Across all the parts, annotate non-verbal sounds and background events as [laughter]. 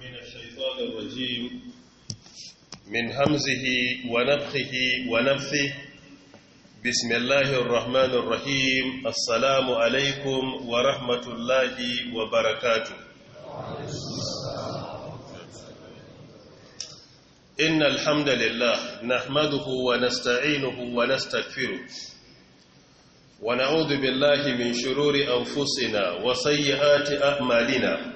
من الشيطان الرجيم من همزه ونفخه ونفثه بسم الله الرحمن الرحيم السلام عليكم ورحمة الله وبركاته إن الحمد لله نحمده ونستعينه ونستكفره ونعوذ بالله من شرور أنفسنا وسيئات أعمالنا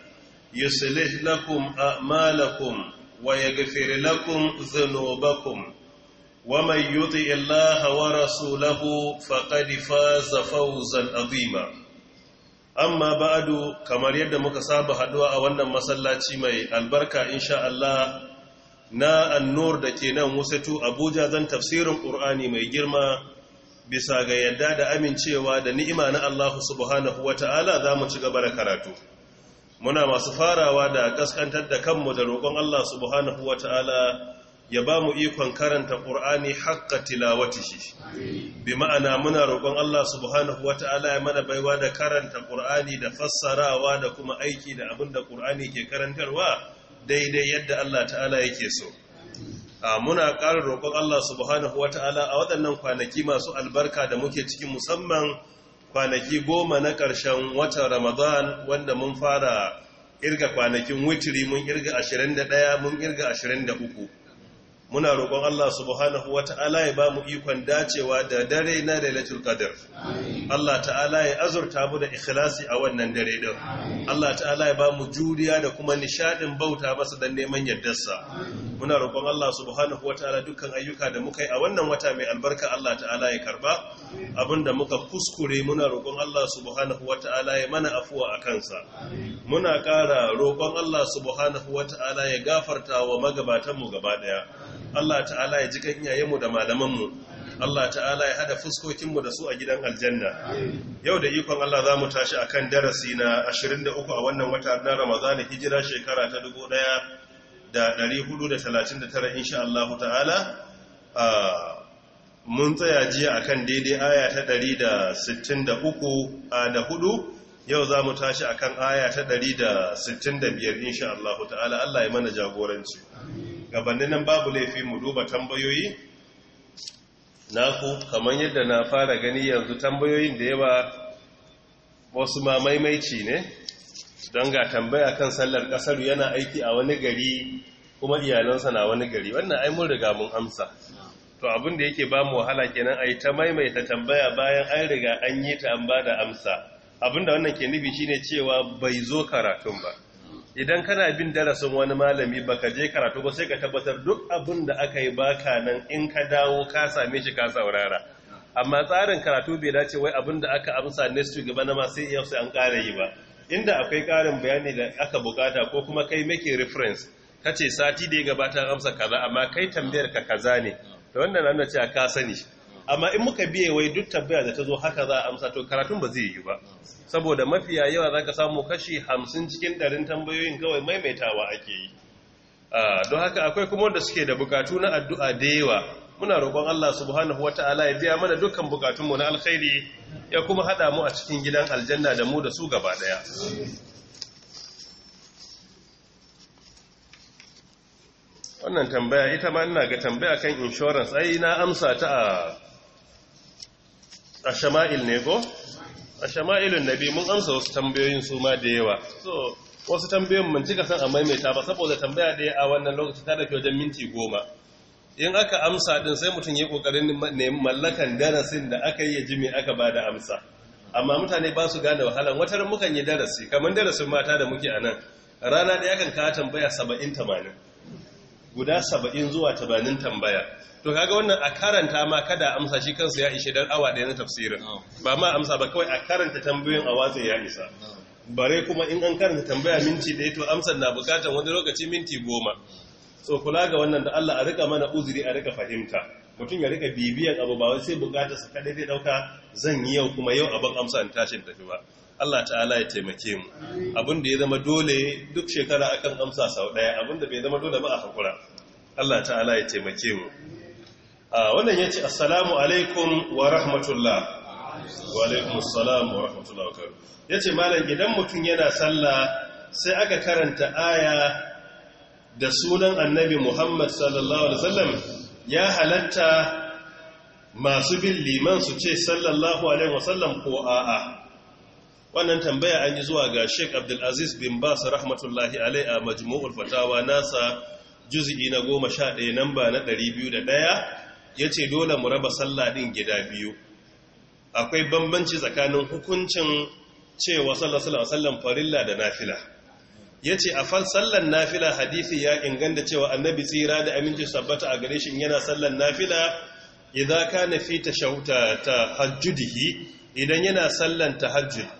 يصلح لكم أعمالكم ويغفر لكم ذنوبكم ومن يطع الله ورسوله فقد فاز فوزا عظيما أما بعد كما يد مكساب حدوا أولا ما سلاتي مي البركة إن شاء الله na annur da ke nan wasu abuja zan tafsirin ƙur'ani mai girma bisa ga yadda da amincewa da ni'ima na Allah subhanahu wa ta'ala za mu ci gaba da karatu. muna masu farawa da kaskantar da kanmu da roƙon Allah subhanahu ta'ala ya ba mu ikon karanta ƙur'ani haƙƙa shi bi ma'ana muna roƙon Allah subhanahu ta'ala ya mana baiwa da karanta ƙur'ani da fassarawa da kuma aiki da abin da ƙur'ani ke karantarwa daidai yadda Allah ta'ala yake so muna ƙara roƙon Allah subhanahu ta'ala a waɗannan kwanaki masu albarka da muke cikin musamman kwanaki goma na ƙarshen watan ramadan wanda mun fara irga kwanakin witiri mun irga 21 mun irga 23 muna roƙon Allah subhanahu ta'ala ya ba mu ikon dacewa da dare na lailatul qadr Allah ta'ala ya azurta mu da ikhlasi a wannan dare din Allah ta'ala ya ba mu juriya da kuma nishadin bauta masa dan neman sa. muna roƙon Allah subhanahu ta'ala dukkan ayyuka da muka yi a wannan wata mai albarka Allah ta'ala ya karba abinda muka kuskure muna roƙon Allah subhanahu ta'ala ya mana afuwa a kansa muna ƙara roƙon Allah subhanahu ta'ala ya gafarta wa magabatanmu gaba ɗaya Allah ta'ala ya ji ganyayenmu da malamanmu Allah ta'ala ya hada fuskokinmu da su a gidan aljanna yau da ikon Allah za mu tashi a kan darasi na 23 a wannan wata na Ramazana hijira shekara ta 1439 insha Allah ta'ala mun tsaya jiya akan daidai aya ta 163 da hudu. yau za mu tashi a kan aya ta 165 insha Allah ta'ala Allah ya mana jagoranci gabanin nan babu laifi mu duba tambayoyi na ku kamar yadda na fara gani yanzu tambayoyin da yawa wasu ma maimaici ne don ga tambaya kan sallar kasar yana aiki a wani gari kuma iyalansa na wani gari wannan ai mun riga mun amsa to abin da yake ba mu wahala kenan ai ta maimaita tambaya bayan an riga an yi ta an ba da amsa abinda wannan ke nufi shine cewa bai zo karatun ba idan kana bin darasin wani malami baka je karatu ba sai ka tabbatar duk abin da aka yi baka nan in ka dawo ka same shi ka saurara amma tsarin karatu bai dace wai abin da aka amsa next week gaba na ma sai yau sai an ƙara yi ba inda akwai ƙarin bayani da aka bukata ko kuma kai make reference kace sati da ya gabata amsa kaza amma kai tambayar ka kaza ne to wannan nan cewa ka sani amma in muka biye wai duk tabbaya da ta zo haka za a amsa to karatun ba zai yi ba saboda mafiya yawa za ka samu kashi hamsin cikin ɗarin tambayoyin kawai maimaitawa ake yi ah, don haka akwai kuma wanda suke da bukatu na addu'a da yawa muna roƙon Allah subhanahu wata'ala ya biya mana dukkan bukatunmu na alkhairi ya kuma haɗa mu a cikin gidan aljanna da mu da su gaba ɗaya wannan tambaya ita ma ina ga tambaya kan insurance ai na amsa ta a a shama'il ne ko a shama'ilun nabi mun amsa wasu tambayoyin su ma da yawa so wasu tambayoyin mun cika san a maimaita ba saboda tambaya ɗaya a wannan lokaci ta dauke wajen minti goma in aka amsa din sai mutum ya kokarin neman mallakan darasin da aka yi ya ji aka ba da amsa amma mutane ba su gane wahalan watar mukan yi darasi kamar darasin mata da muke a nan rana ɗaya kan ka tambaya saba'in tamanin guda saba'in zuwa tabanin tambaya to kaga wannan a karanta ma kada amsa shi kansa ya ishe dan awa ɗaya na tafsirin ba ma amsa ba kawai a karanta tambayoyin a watsa ya isa bare kuma in an karanta tambaya minti ɗaya to amsa na bukatar wani lokaci minti goma so kula ga wannan da Allah a rika mana uzuri a rika fahimta mutum ya rika bibiyan abu ba wai sai kadai kaɗai zai dauka zan yi yau kuma yau abin amsa in tashin tafi ba Allah ta'ala ya taimake mu abin da ya zama dole duk shekara akan amsa sau daya abin da bai zama dole ba a hakura Allah ta'ala ya taimake mu wannan ce assalamu alaikum wa rahmatullah wa alaikum assalam wa rahmatullah wa ce yace malam idan mutum yana sallah sai aka karanta aya da sunan annabi Muhammad sallallahu alaihi wasallam ya halatta masu bin liman su ce sallallahu alaihi wasallam ko a'a wannan tambaya an yi zuwa ga sheik abdulaziz bin basu rahmatullahi alai a majmu'ul fatawa nasa juzi'i na goma sha ɗaya namba na ɗari biyu da ɗaya ya ce dole mu raba sallah ɗin gida biyu akwai bambanci tsakanin hukuncin cewa sallallahu sallan farilla da nafila ya ce a fal sallan nafila hadisi ya inganta cewa annabi tsira da aminci sabbata a gare shi yana sallan nafila idan fita shauta ta hajjudihi idan yana sallan tahajjud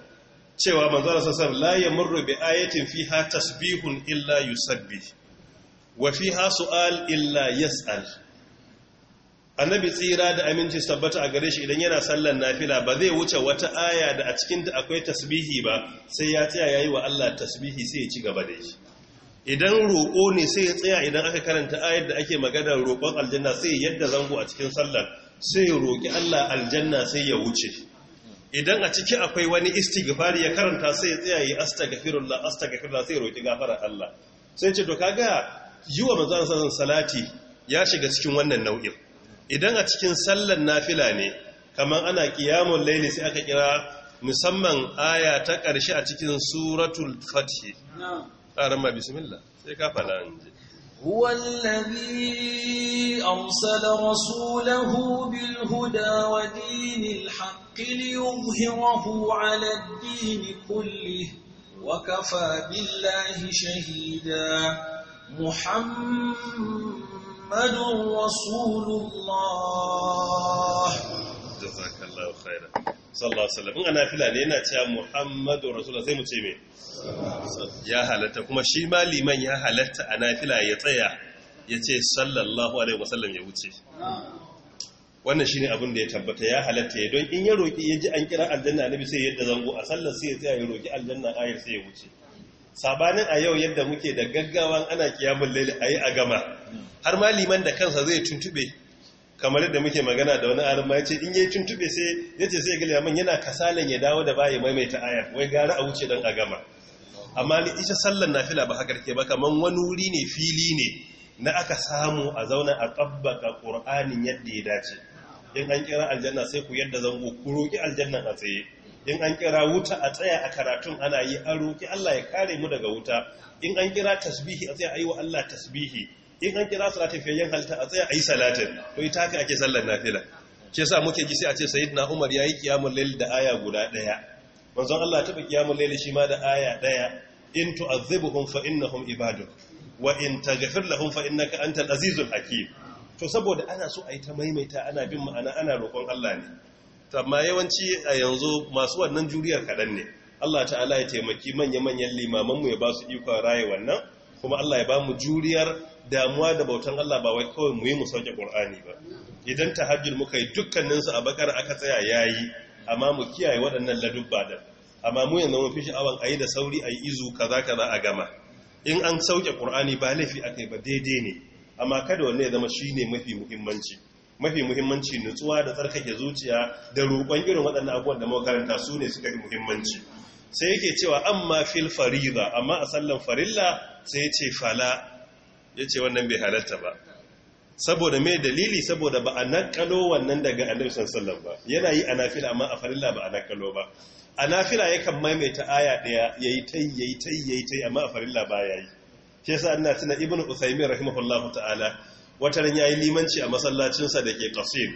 cewa manzara sassan la ya murru bi ayatin fi ha tasbihun illa yusabbi wa fi ha su'al illa yas'al annabi tsira da aminci tabbata a gare shi idan yana sallan nafila ba zai wuce wata aya da a cikinta akwai tasbihi ba sai ya tsaya yayi wa Allah tasbihi sai ya ci gaba da shi idan roƙo ne sai ya tsaya idan aka karanta ayar da ake magana roƙon aljanna sai yadda zango a cikin sallar sai ya roƙi Allah aljanna sai ya wuce idan a ciki akwai wani istighfari ya karanta sai ya tsaya yi astaghfirullah astaghfirullah sai roki gafara Allah sai ce to kaga yi wa manzon sallallahu salati ya shiga cikin wannan nau'in idan a cikin sallan nafila ne kamar ana qiyamul layli sai aka kira musamman aya ta karshe a cikin suratul fathi ƙaran ma bismillah sai ka fara anje هو الذي أرسل رسوله بالهدى ودين الحق ليظهره على الدين كله وكفى بالله شهيدا محمد رسول الله sallallahu alaihi wasallam in ana fila yana cewa muhammadu rasulullah sai mu ce me ya halatta kuma shi ma liman ya halatta ana fila ya tsaya ya ce sallallahu alaihi wasallam ya wuce wannan shi ne abinda ya tabbata ya halatta ya don in ya roƙi ya ji an kira aljanna na sai yadda zango a sallar sai ya tsaya ya roƙi aljanna ayar sai ya wuce sabanin a yau yadda muke da gaggawan ana kiyamun a yi a gama har ma liman da kansa zai tuntube kamar yadda muke magana da wani ma ya ce in yi tuntube sai ya ce sai gila man yana kasalan ya dawo da baya maimaita ayar wai gara a wuce don a gama amma ni sallar sallan fila ba haka ke ba kamar wani wuri ne fili ne na aka samu a zauna a ƙabbaka ƙur'anin yadda ya dace in an kira aljanna sai ku yadda zango ku roƙi aljanna a tsaye in an kira wuta a tsaya a karatun ana yi an roƙi Allah ya kare mu daga wuta in an kira tasbihi a tsaya ayi wa Allah tasbihi in an kira salatin fiyayyen halitta a tsaye a yi salatin to ita haka ake sallar na fila. Ke sa muke gisi a ce na umar ya yi kiyamun lalil da aya guda ɗaya wanzan allah taɓa kiyamun lalil shi ma da aya ɗaya in tu'azzibuhum fa innahum ibadun wa in taghfir lahum fa innaka antal azizul hakim to saboda ana so a yi ta maimaita ana bin ma'ana ana roƙon allah ne amma yawanci a yanzu masu wannan juriyar kaɗan ne Allah ta'ala ya taimaki manya-manyan limamanmu ya ba su ikon raye wannan kuma Allah ya ba mu juriyar damuwa da bautan Allah ba wai kawai mu yi mu sauke Qur'ani ba idan tahajjud muka yi dukkanin su a bakara aka tsaya yayi amma mu kiyaye waɗannan ladubba da amma mu yanzu mun fi sha'awan ayi da sauri ayi izu kaza kaza a gama in an sauke Qur'ani ba laifi akai ba daidai ne amma kada wanne ya zama shine mafi muhimmanci mafi muhimmanci nutsuwa da tsarkake zuciya da roƙon irin waɗannan abubuwan da karanta su ne suka fi muhimmanci sai yake cewa amma fil fariza amma a sallan farilla sai ce fala ya ce wannan bai halatta ba saboda mai dalili saboda ba a nakalo wannan daga annabi sallallahu ba yana yi a nafila amma a farilla ba a nakalo ba a nafila yakan maimaita aya daya yayi tai yayi tai yayi tai amma a farilla ba yayi shi yasa ina tuna ibnu usaymin rahimahullahu ta'ala wataran yayi limanci a masallacinsa da ke qasim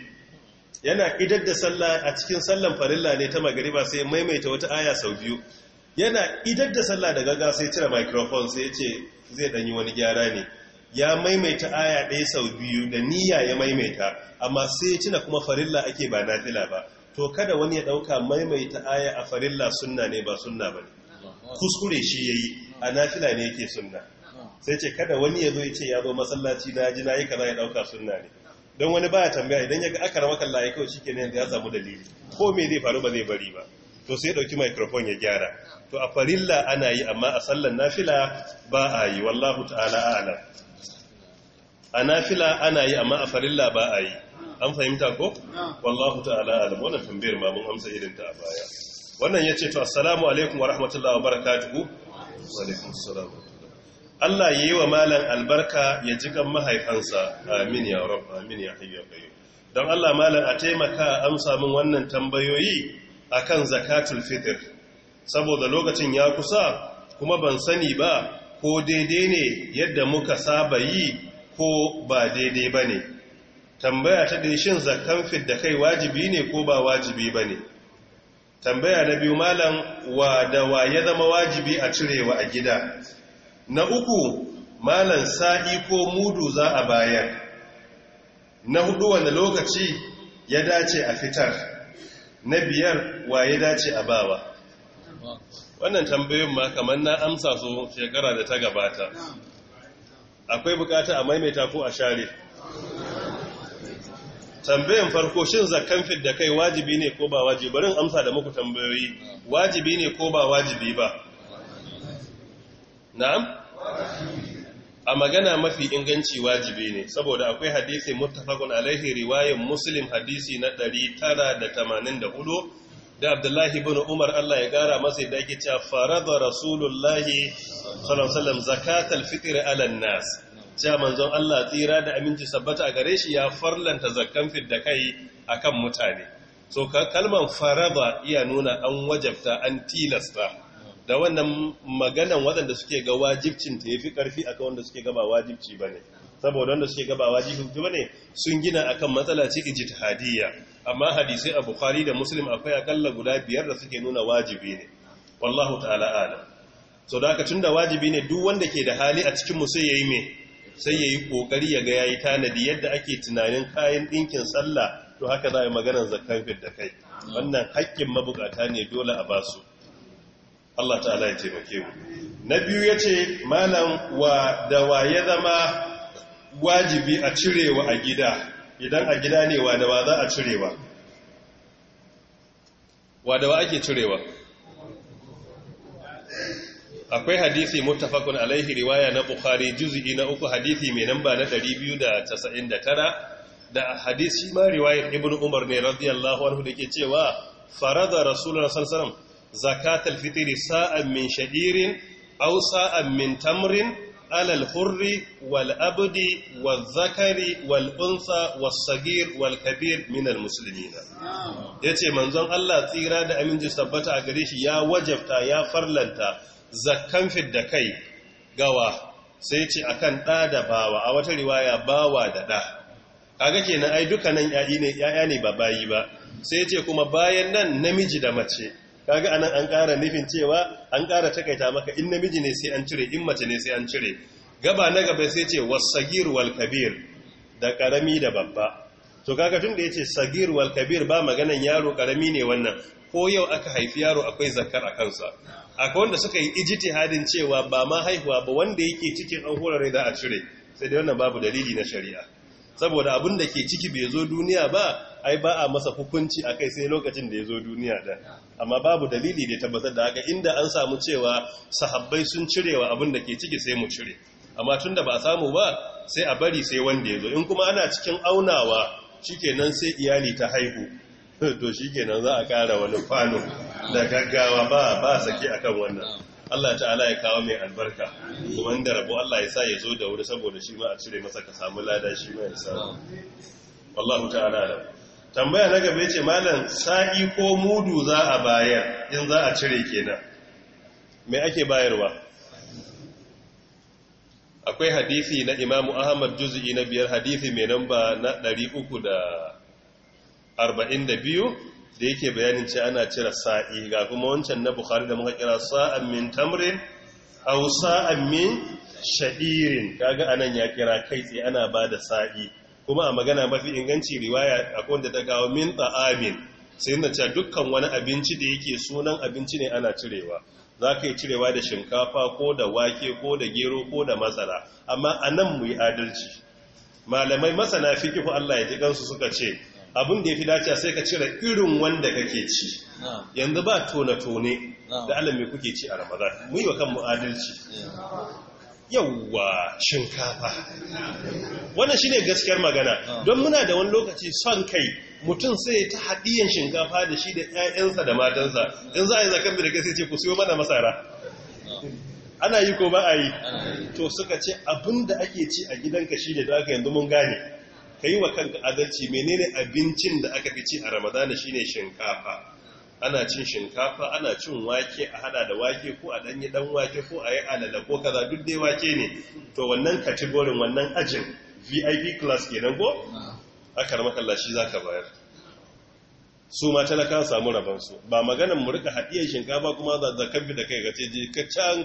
yana idar da sallah a cikin sallan farilla ne ta magariba sai maimaita wata aya sau biyu yana idar da sallah da gaggawa sai cire microphone sai ya ce zai danyi wani gyara ne ya maimaita aya ɗaya sau biyu da niyya ya maimaita amma sai ya cina kuma farilla ake ba nafila ba to kada wani ya ɗauka maimaita aya a farilla sunna ne ba sunna ba kuskure shi ya yi a nafila ne yake sunna sai ce kada wani ya zo ya ce ya zo masallaci na ji na yi kaza ya ɗauka sunna ne don wani baya tambaya idan ya ga aka rama kalla ya kawai shike ne ya samu dalili ko me zai faru ba zai bari ba to sai ɗauki microphone ya gyara to a farilla ana yi amma a sallan nafila ba a yi wallahu ta'ala a'lam a nafila ana yi amma a farilla ba a yi an fahimta ko wallahu ta'ala alam wannan tambayar ma mun amsa irin ta a baya wannan ya ce to assalamu alaikum wa rahmatullahi wa barakatuhu wa alaikum assalam Allah yi wa malam albarka ya ji kan mahaifansa amin ya rabb amin ya hayyu ya qayyum dan Allah malam a taimaka amsa min wannan tambayoyi akan zakatul fitr saboda lokacin ya kusa kuma ban sani ba ko daidai ne yadda muka saba yi ko ba daidai ba ne tambaya ta ɗin shin zakan fidda kai wajibi ne ko ba wajibi ba ne tambaya na biyu malam wa da wa ya zama wajibi a cirewa a gida na uku malam sa'i ko mudu za a bayar na hudu wanda lokaci ya dace a fitar na biyar wa ya dace a bawa wannan tambayin ma kamar na amsa su shekara da ta gabata akwai bukata a maimaita ko a share tambayan farko shin zakkan da kai wajibi ne ko ba wajibi barin amsa da muku tambayoyi wajibi ne ko ba wajibi ba na'am a magana mafi inganci wajibi ne saboda akwai hadisi muttafaqun alaihi riwayan muslim hadisi na 984 da abdullahi bin umar Allah ya gara masa yadda ake cewa farada rasulullahi Salam, zakatal fitir alan nas cewa manzon Allah tsira da aminci sabbata a gare shi ya farlanta fit da kai a kan mutane so kalman farada iya nuna an wajabta an tilasta da wannan maganan waɗanda suke ga wajibcin ta yafi karfi kan wanda suke wajibci ba wajibci bane saboda wanda suke gaba wajibi bane sun gina akan matsala ce ijtihadiyya amma hadisi a bukhari da muslim akwai akalla guda biyar da suke nuna wajibi ne wallahu ta'ala alam so da haka tunda wajibi ne duk wanda ke da hali a cikin mu sai yayi me sai yayi kokari ya ga yayi tanadi yadda ake tunanin kayan dinkin sallah to haka za a yi maganar zakkan fit da kai wannan haƙƙin mabukata ne dole a basu Allah ta'ala ya taimake mu na biyu yace malam wa da waye zama wajibi a cirewa a gida idan a gida ne wada ba za a cirewa wada ba ake cirewa akwai hadisi mutafakun alaihi riwaya na bukhari juz'i na uku hadisi mai namba na 299 da hadisi ma riwayar ibn umar ne radiyallahu anhu da ke cewa faraza da sallallahu alaihi wasallam fitiri sa'an min sha'irin au sa'an min tamrin alal hurri wal abdi wal zakari wal unsa wal sagir wal kabir min al muslimina yace manzon Allah tsira da aminci sabbata a gare shi ya wajabta ya farlanta zakkan da kai gawa sai ce akan da da bawa a wata riwaya bawa da ɗa kaga kenan ai duka nan yayi ne yaya ne ba bayi ba sai yace kuma bayan nan namiji da mace kaga anan an ƙara nufin cewa an ƙara takaita maka in namiji ne sai an cire in mace ne sai an cire gaba na gaba sai ce wasagir wal kabir da karami da babba to kaga tun da yace sagir wal kabir ba maganan yaro karami ne wannan ko yau aka haifi yaro akwai zakar a kansa akwai wanda suka yi ijtihadin cewa ba ma haihuwa ba wanda yake cikin an horare da a cire sai dai wannan babu dalili na shari'a saboda abin da ke ciki bai zo duniya ba ai ba a masa hukunci a kai sai lokacin da ya zo duniya da amma babu dalili da ya tabbatar da haka inda an samu cewa sahabbai sun cirewa abin da ke ciki sai mu cire amma tun da ba a samu ba sai a bari sai wanda ya zo in kuma ana cikin aunawa shi kenan sai iyali ta haihu [laughs] to shi kenan za a kara wani kwano da gaggawa ba ba sake akan wannan Allah ta'ala ya kawo mai albarka kuma inda rabo Allah ya sa ya zo da wuri saboda shi ma a cire masa ka samu lada shi ma ya samu wallahu ta'ala tambaya na gaba ce malam sa'i ko mudu za a bayar in za a cire kenan me ake bayarwa akwai hadisi na imamu ahmad juzi'i na biyar hadisi mai namba na 342 da yake bayanin ce ana cire sa'i ga kuma wancan na bukhari da muka kira sa'an min tamrin aw sa'an min sha'irin kaga anan ya kira kai tsaye ana ba da sa'i kuma a magana mafi inganci riwaya akwai wanda ta kawo min ta'amin sai na dukkan wani abinci da yake sunan abinci ne ana cirewa za ka yi cirewa da shinkafa ko da wake ko da gero ko da matsala amma a nan mu yi adalci malamai masana fi kifu Allah ya ji gansu suka ce abin da ya fi dace sai ka cire irin wanda kake ci yanzu ba tone-tone da alamai kuke ci a ramadan mu yi wa kanmu adalci yawwa shinkafa wannan shine gaskiyar magana don muna da wani lokaci son kai mutum sai ta haɗiyan shinkafa da shi da 'ya'yansa da matansa in za a yi zakar da sai ce ku siyo mana masara ana yi ko ba a yi to suka ce abin da ake ci a gidanka shi ne da aka yanzu mun gane ka yi wa kanka adalci menene abincin da aka fi ci a ramadana shine shinkafa ana cin shinkafa ana cin wake a hada da wake ko a danyi dan wake ko a yi alala ko kaza duk dai wake ne to wannan kategorin wannan ajin vip class ke nan ko aka ramakalla shi za ka bayar su ma talaka samu rabansu ba maganan mu rika haɗiyar shinkafa kuma za zazzakan bi da kai ga ce ka can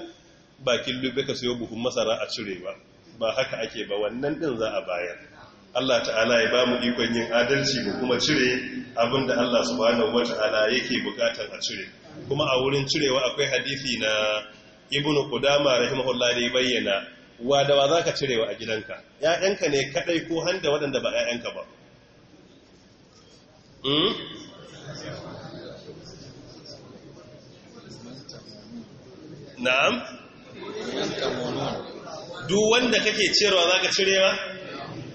bakin lube ka sayo buhun masara a cire ba ba haka ake ba wannan ɗin za a bayar Allah ta'ala ya ba mu ikon yin adalci mu kuma cire abin da Allah subhanahu wata'ala yake bukatar a cire kuma a wurin cirewa akwai hadisi na ibn qudama rahimahullah da bayyana wa da wa zaka cirewa a gidanka Ya'yanka ne kadai ko handa waɗanda ba ƴaƴanka ba hmm? na'am duk wanda kake cirewa zaka cirewa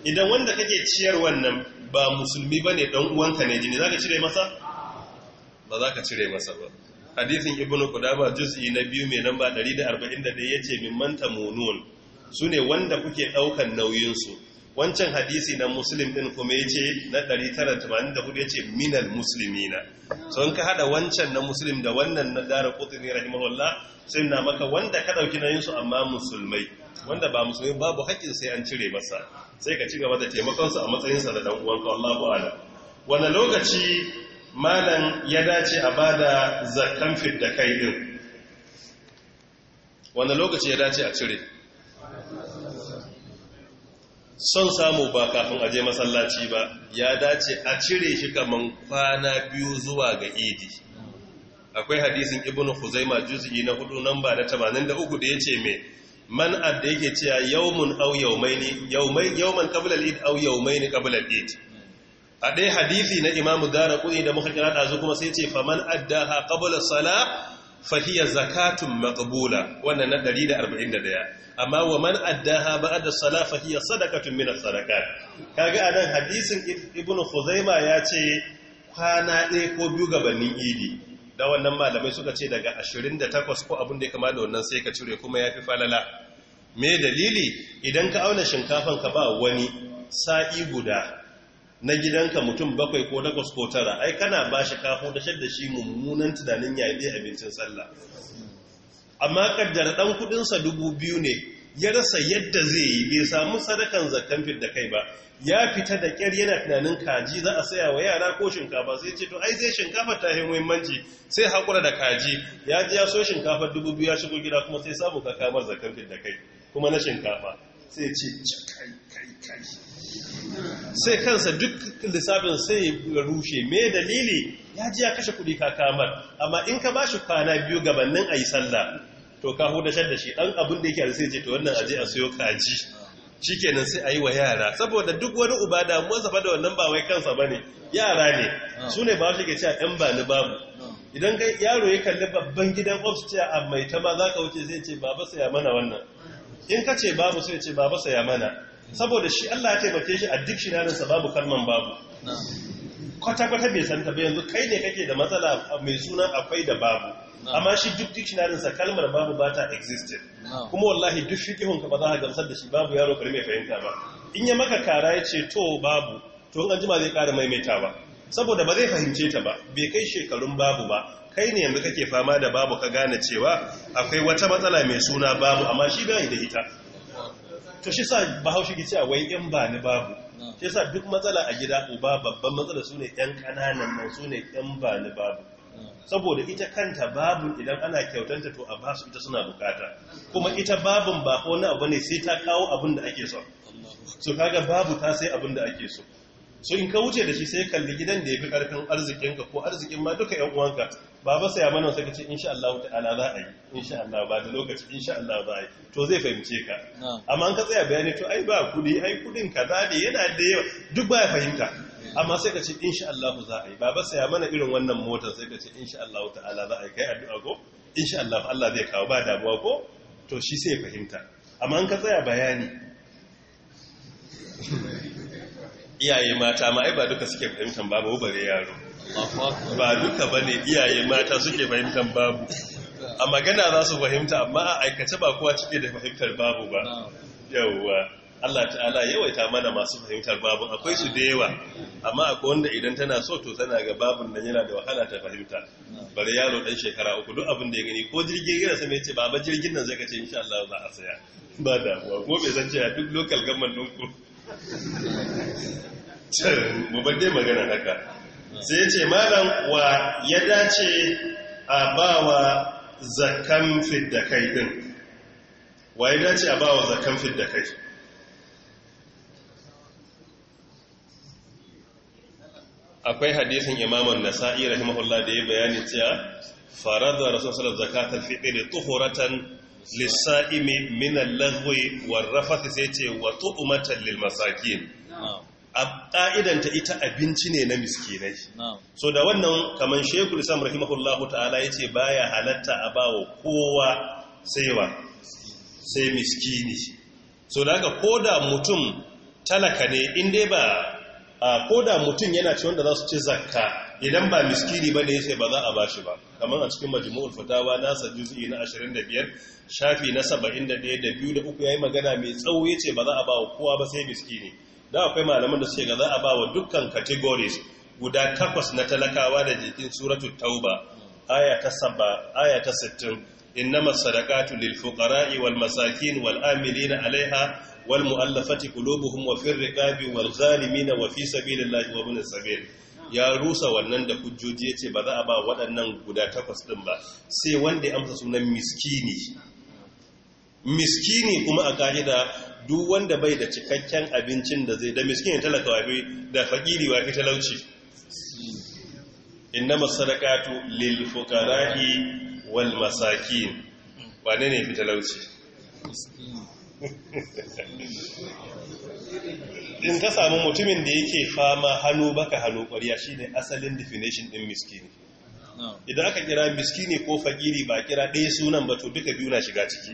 idan wanda kake ciyar wannan ba musulmi ba ne ɗan uwanka ne jini za ka cire masa ba za ka cire masa ba hadisin ibn kudama juz'i na biyu mai namba 141 ya ce mimman munun su ne wanda kuke ɗaukan nauyinsu wancan hadisi na muslim ɗin kuma ya ce na 984 ya ce minal musulmina so ka haɗa wancan na muslim da wannan na dara kutuni rahimahullah sai na maka wanda ka ɗauki nauyinsu amma musulmai wanda ba musulmi babu haƙƙin sai an cire masa sai ka ci gaba da taimakonsa a matsayinsa da ɗan ka, Allahu ala wani lokaci malam ya dace a bada zakkan da kai din wani lokaci ya dace a cire son samu ba kafin aje masallaci ba ya dace a cire shi kaman kwana biyu zuwa ga idi akwai hadisin ibnu khuzaima juz'i na hudu namba na 83 da yace me man adda yake cewa yawmun aw yawmaini yawmai yawman qabla al-eid aw yawmaini qabla al-eid a dai hadisi na Imam Daraqutni da muka kira dazu kuma sai ce fa adda addaha qabla salah fa hiya zakatun maqbula wannan na 141 amma wa man addaha ba'da salah fa hiya sadaqatun min as-sadaqat kaga anan hadisin ibnu Khuzaimah ya ce kwana ɗaya ko biyu gabanin idi da wannan malamai suka ce daga 28 ko abin da ya kama da wannan sai ka cire kuma ya fi falala me dalili idan ka auna shinkafan ka ba wani sa'i guda na gidanka mutum bakwai ko takwas ko tara ai kana ba shi kafo da shadda shi mummunan tunanin yayi abincin sallah amma kaddara dan kudinsa dubu biyu ne ya rasa yadda zai yi bai samu sadakan zakan da kai ba ya fita da kyar yana tunanin kaji za a saya wa yara ko shinkafa sai ce to ai zai shinkafa ta yi muhimmanci sai haƙura da kaji ya ji ya so shinkafa dubu biyu ya shigo gida kuma sai samu ka kamar zakan da kai kuma na shinkafa sai ce kai kai kai sai kansa duk lissafin sai ya rushe me dalili ya ji ya kashe kuɗi ka kamar amma in ka ba shi kwana biyu gabanin a yi sallah to ka hu da shi dan abun da yake da sai ce to wannan aje a sayo kaji shikenan sai ayi wa yara saboda duk wani ubada, mu safa da wannan ba wai kansa bane yara ne ah. su ne ba su ke cewa ɗan ba ni babu ah. idan kai yaro ya kalli babban gidan ofis a mai ta ma za ka wuce zai ce baba ya mana wannan in ka ce babu sai ce baba ya mana saboda shi Allah ya taimake shi a duk sa babu kalman babu kwata-kwata bai santa ba yanzu kai ne kake da matsala mai suna akwai da babu amma shi duk dictionary sa kalmar babu ba ta existed kuma wallahi duk fiqhun ka ba za ka gamsar da shi babu yaro bari mai fahimta ba in ya maka kara ya ce to babu to in anjima zai kara ƙara maimaitawa saboda ba zai fahimce ta ba bai kai shekarun babu ba kai ne yanzu kake fama da babu ka gane cewa akwai wata matsala mai suna babu amma shi bai da ita to shi sa bahaushe ke cewa wai in ba ni babu shi sa duk matsala a gida uba babban matsala su 'yan kananan nan su 'yan ba ni babu saboda ita kanta babu idan ana kyautanta to a basu ita suna bukata kuma ita babu ba ko wani abu ne sai ta kawo abin da ake so su kaga babu ta sai abin da ake so so in ka wuce da shi sai kalli gidan da ya fi karfin arzikinka ko arzikin ma duka yan uwanka baba sai ya mana sai ka ce insha Allah ta'ala za a yi insha Allah ba da lokaci insha Allah za a yi to zai fahimce ka amma an ka tsaya bayani to ai ba kudi ai kudin kaza ne yana da yawa duk ba ya fahimta amma sai ka ce insha Allah za a yi baba ya mana irin wannan motar sai ka ce insha Allah ta'ala za a yi kai addu'a ko insha Allah Allah zai kawo ba damuwa ko to shi sai fahimta amma an ka tsaya bayani iyaye mata ma ai ba duka suke fahimtar babu bare yaro ba duka bane iyaye mata suke fahimtar babu a magana za su fahimta amma a aikace ba kowa cike da fahimtar babu ba yawwa Allah ta'ala yawaita mana masu fahimtar babun akwai su da yawa amma akwai wanda idan tana so to tana ga babun nan yana da wahala ta fahimta bari yaro dan shekara uku duk abin da ya gani ko jirgin yana sama ce, baba jirgin nan zai kace insha Allah za a saya ba damuwa ko bai san cewa duk local government din ku [laughs] mu bar dai magana haka sai ce malam wa ya dace a bawa zakan da kai din wa ya dace a bawa zakan da kai akwai hadisin imamun nasa'i rahimahullah da ya bayani cewa faradar rasulullah zakatul fitr tuhuratan lis-sa'imi min al-lahwi war-rafath sai ce wa tu'matan lil-masakin ƙa'idanta ita abinci ne na miskinai so da wannan kamar shekul islam rahimahullahu ta'ala ya ce baya halatta a bawa kowa wa sai miskini so da haka ko da mutum talaka ne inda ba ko da mutum yana ci wanda za su ci zakka idan ba miskini ba ne ya sai ba za a ba shi ba kamar a cikin majmu'ul fatawa nasa juz'i na 25 shafi na 71 da 2 da 3 yayi magana mai tsawo ya ce ba za a ba wa kowa ba sai miskini da akwai malaman da suke ga za a ba wa dukkan categories guda takwas na talakawa da jikin suratul tauba aya ta saba, aya ta 60 innama sadaqatu lil fuqara'i wal masakin wal amilina alaiha wal mu'allafati qulubuhum wa fir riqabi wa fi sabilillahi wa ya rusa wannan da hujjoji yace ba za a ba waɗannan guda takwas din ba sai wanda ya amsa sunan miskini miskini kuma a ka'ida duk wanda bai da cikakken abincin da zai da miskini talakawa bai da fakiri wa talauci innama sadaqatu lil fuqara'i wal masakin wane ne fitalauci [laughs] in ta samu mutumin da yake fama hannu baka hannu ƙwarya shi ne asalin definition ɗin miskini idan aka kira miskini ko faƙiri ba kira ɗaya sunan ba to duka biyu na shiga ciki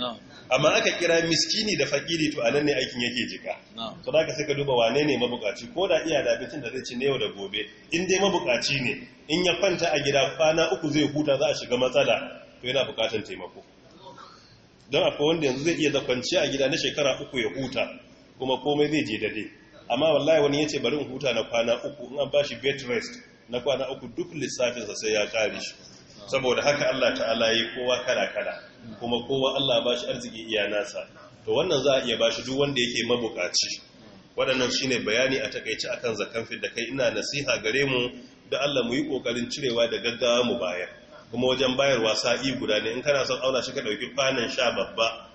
amma aka kira miskini da fakiri to anan ne aikin yake jika to da ka saka duba wane ne mabukaci ko da iya da abincin da zai ci na yau da gobe in dai mabukaci ne in ya kwanta a gida kwana uku zai huta za a shiga matsala to yana bukatar taimako don akwai wanda yanzu zai iya zakwance a gida na shekara uku ya huta kuma komai zai je dade amma wallahi wani ya ce bari in huta na kwana uku in an ba shi bed rest na kwana uku duk lissafinsa sai ya kare shi saboda haka Allah ta'ala yi kowa kala-kala kuma kowa Allah ba shi arziki iya nasa to wannan za a iya ba shi duk wanda yake mabukaci waɗannan shine bayani a takaici akan zakan da kai ina nasiha gare mu da Allah mu yi ƙoƙarin cirewa da gaggawa mu bayan kuma wajen bayar wasa sa'i guda ne in kana son auna shi ka ɗauki kwanan sha babba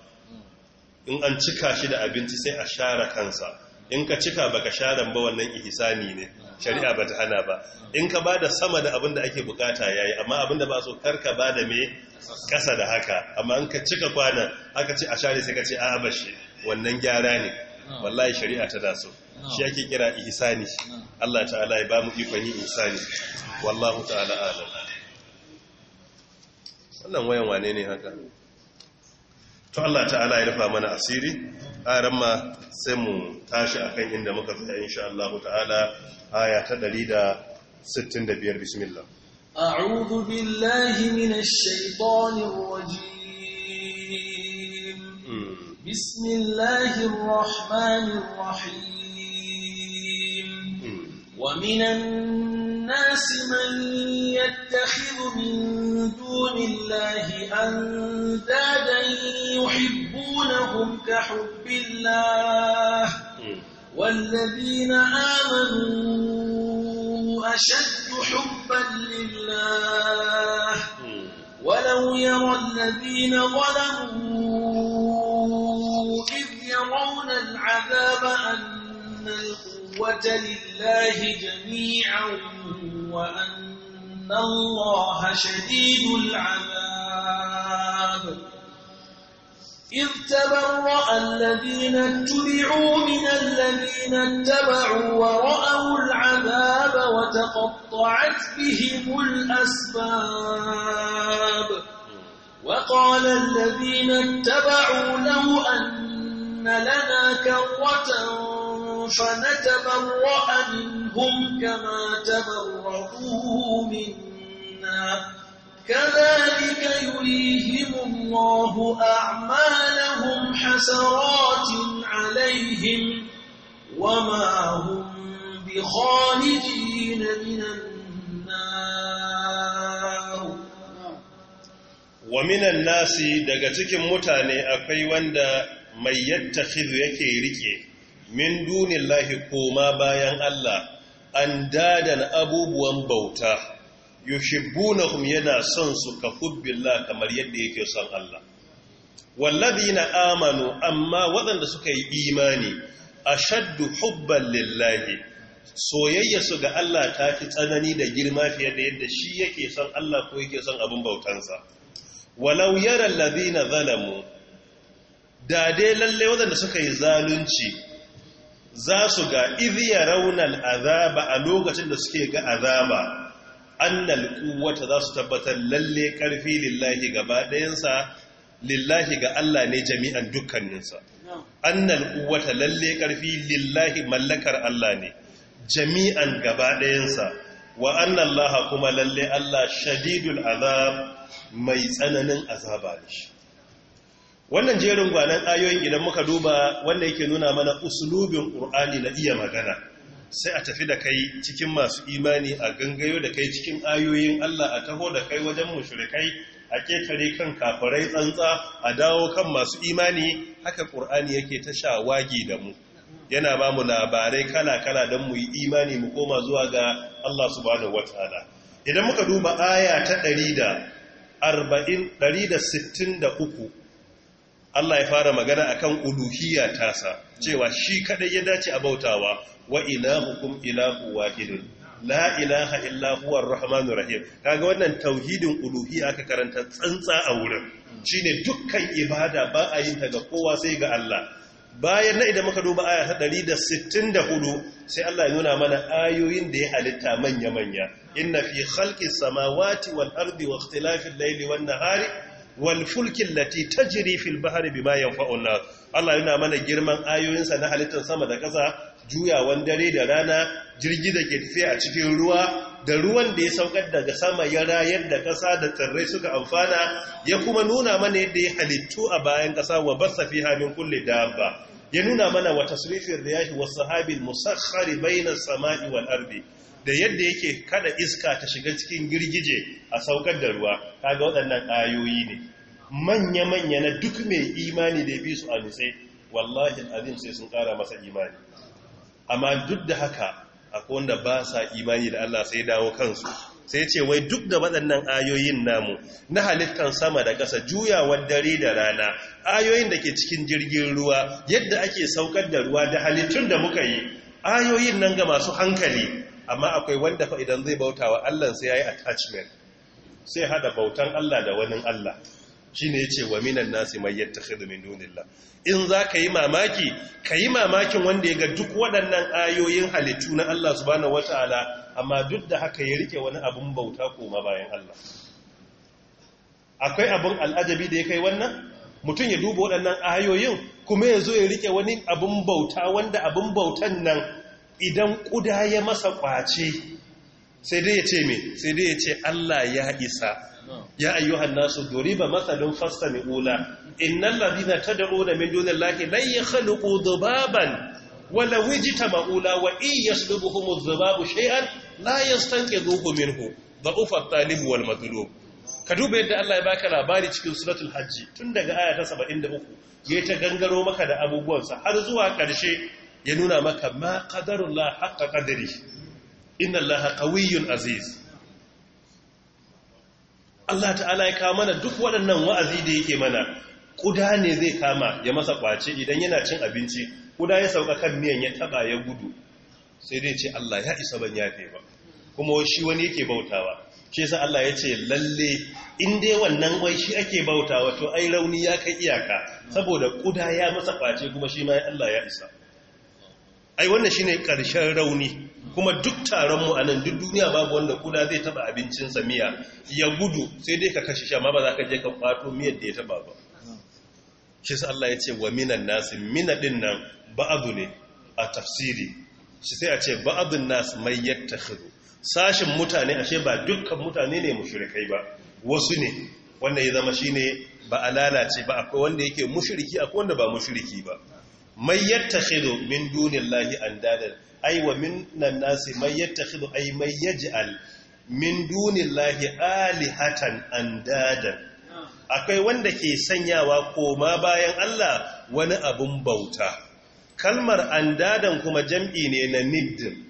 in an cika shi da abinci sai a share kansa in ka cika baka share ba wannan ihsani ne shari'a bata hana ba in ka bada sama da abin da ake bukata yayi amma abin da ba so ka bada me kasa da haka amma in ka cika kwana aka ce a share sai ka ce a'a bashi wannan gyara ne wallahi shari'a ta daso shi ake kira ihsani Allah ta'ala ya ba mu ikon yin ihsani wallahu ta'ala a'lam wannan wayan wane ne haka to Allah ta'ala ya rufa mana asiri a ramma sai mu tashi akan inda muka tsaya insha Allah ta'ala aya ta 165 bismillah a'udhu billahi minash shaitanir rajim hmm. bismillahir rahmanir rahim hmm. wa minan الناس من يتخذ من دون الله أندادا يحبونهم كحب الله والذين آمنوا أشد حبا لله ولو يرى الذين ظلموا إذ يرون العذاب أن القوة الإخوة لله جميعا وأن الله شديد العذاب إذ تبرأ الذين اتبعوا من الذين اتبعوا ورأوا العذاب وتقطعت بهم الأسباب وقال الذين اتبعوا له أن لنا كرة فنتبرأ منهم كما تبرأوا منا كذلك يريهم الله أعمالهم حسرات عليهم وما هم بخالدين من النار ومن الناس daga cikin mutane akwai wanda mai yattakhidhu yake rike min lahi koma bayan Allah an dadan abubuwan bauta yushibbunahum yana son su ka kamar yadda yake son Allah wallazina amanu amma waɗanda suka yi imani a shaddu hubban lillahi soyayya su ga Allah ta fi tsanani da girma fiye da yadda shi yake son Allah ko yake son abin bautansa walau labi na zalamu da dai lalle waɗanda suka yi zalunci za su ga iziya raunar azaba a lokacin da suke ga azaba annal kuwata za su tabbatar lalle karfi lillahi gaba ɗayansa lillahi ga Allah ne jami'an dukkaninsa annal kuwata lalle karfi lillahi mallakar Allah ne jami'an gaba ɗayansa wa annan laha kuma lalle Allah shadidul azab mai tsananin azaba ne shi wannan jerin gwanan ayoyin idan muka duba wanda yake nuna mana usulubin ƙur'ani na iya magana sai a tafi da kai cikin masu imani a gangayo da kai cikin ayoyin Allah a taho da kai wajen mushrikai a ƙetare kan kafirai tsantsa a dawo kan masu imani haka ƙur'ani yake ta shawagi da mu yana ba mu labarai kala-kala don mu yi imani mu koma zuwa ga Allah subhanahu wataala idan muka duba aya ta uku. Allah ya fara magana akan uluhiyya tasa cewa shi kaɗai ya dace a bautawa wa ilahukum ilahu wahidun la ilaha illa huwa arrahmanur rahim kaga wannan tauhidin uluhiyya aka karanta tsantsa a wurin shine dukkan ibada ba a yin ta ga kowa sai ga Allah bayan na idan muka duba aya ta 164 sai Allah ya nuna mana ayoyin da ya halitta manya-manya inna fi khalqis samawati wal ardi wa ikhtilafil layli wan nahari wal fulkin lati tajri fil bahri bima yanfa'un nas Allah yana mana girman ayoyinsa na halittar sama da ƙasa juyawan dare da rana jirgi da ke a cikin ruwa da ruwan da ya saukar daga sama ya rayar da ƙasa da tsirrai suka amfana ya kuma nuna mana yadda ya halittu a bayan ƙasa wa basa fi hamin kulle dabba ya nuna mana wa tasrifin riyahi wa sahabil musakhari bainas sama'i wal arbi. da yadda yake kada iska ta shiga cikin girgije a saukar da ruwa kaga waɗannan ayoyi ne manya-manya na duk mai imani da bi su a nisai wallahi azim sai sun ƙara masa imani amma duk da haka akwai wanda ba sa imani da Allah sai dawo kansu sai ce wai duk da waɗannan ayoyin namu na halittar sama da ƙasa juyawar dare da rana ayoyin da ke cikin jirgin ruwa yadda ake saukar da ruwa da halittun da muka yi ayoyin nan ga masu hankali amma akwai wanda fa idan zai bauta wa Allah sai yayi attachment sai hada bautan Allah da wani Allah shine yace wa minan nasi may yattakhidhu min dunillah in za ka yi mamaki ka yi mamakin wanda ya ga duk waɗannan ayoyin halittu na Allah Su subhanahu Ala, amma duk da haka ya rike wani abun bauta koma bayan Allah akwai abun al'ajabi da ya kai wannan mutum ya duba waɗannan ayoyin kuma ya zo ya rike wani abun bauta wanda abun bautan nan idan kuda ya masa kwace sai dai ya ce me sai dai ya ce Allah ya isa ya ayyuhan nasu duriba masalun fastami ula innal ladina tad'una min dunillahi lan yakhluqu dhubaban wala wijita ma'ula wa in yaslubuhum dhubabu shay'an la yastanqidhuhu minhu ba at-talib wal matlub ka duba yadda Allah ya baka labari cikin suratul hajji tun daga aya ta 73 yayi ta gangaro maka da abubuwansa har zuwa ƙarshe ya nuna maka ma qadarullah haka qadari inna laha qawiyyun aziz Allah ta'ala ya kama mana duk waɗannan wa'azi da yake mana ƙuda ne zai kama ya masa ƙwace idan yana cin abinci ƙuda ya sauka kan miyan ya taɓa ya gudu sai dai ce Allah ya isa ban yafe ba kuma shi wani yake bautawa shi yasa Allah ya ce lalle in dai wannan wai shi ake bautawa to ai rauni ya kai iyaka saboda ƙuda ya masa ƙwace kuma shi ma Allah ya isa ai wannan shine karshen rauni kuma duk taron mu anan duk duniya babu wanda kula zai taba abincin sa miya ya gudu sai dai ka kashe shi amma ba za ka je ka kwato miyar da ya taba ba shi sai Allah ya ce wa minan nasi mina din nan ba'adu ne a tafsiri shi sai a ce ba'adun nas mai yattakhidhu sashin mutane ashe ba dukkan mutane ne mushrikai ba wasu ne wanda ya zama shine ba a lalace ba akwai wanda yake mushriki akwai wanda ba mushriki ba mai shido min an andadan ai wa nan nasi mai shido ai mai yaji al. min dunillahi alihatan andadan akwai wanda ke sanyawa koma bayan Allah wani abun bauta kalmar andadan kuma jam'i ne na niddin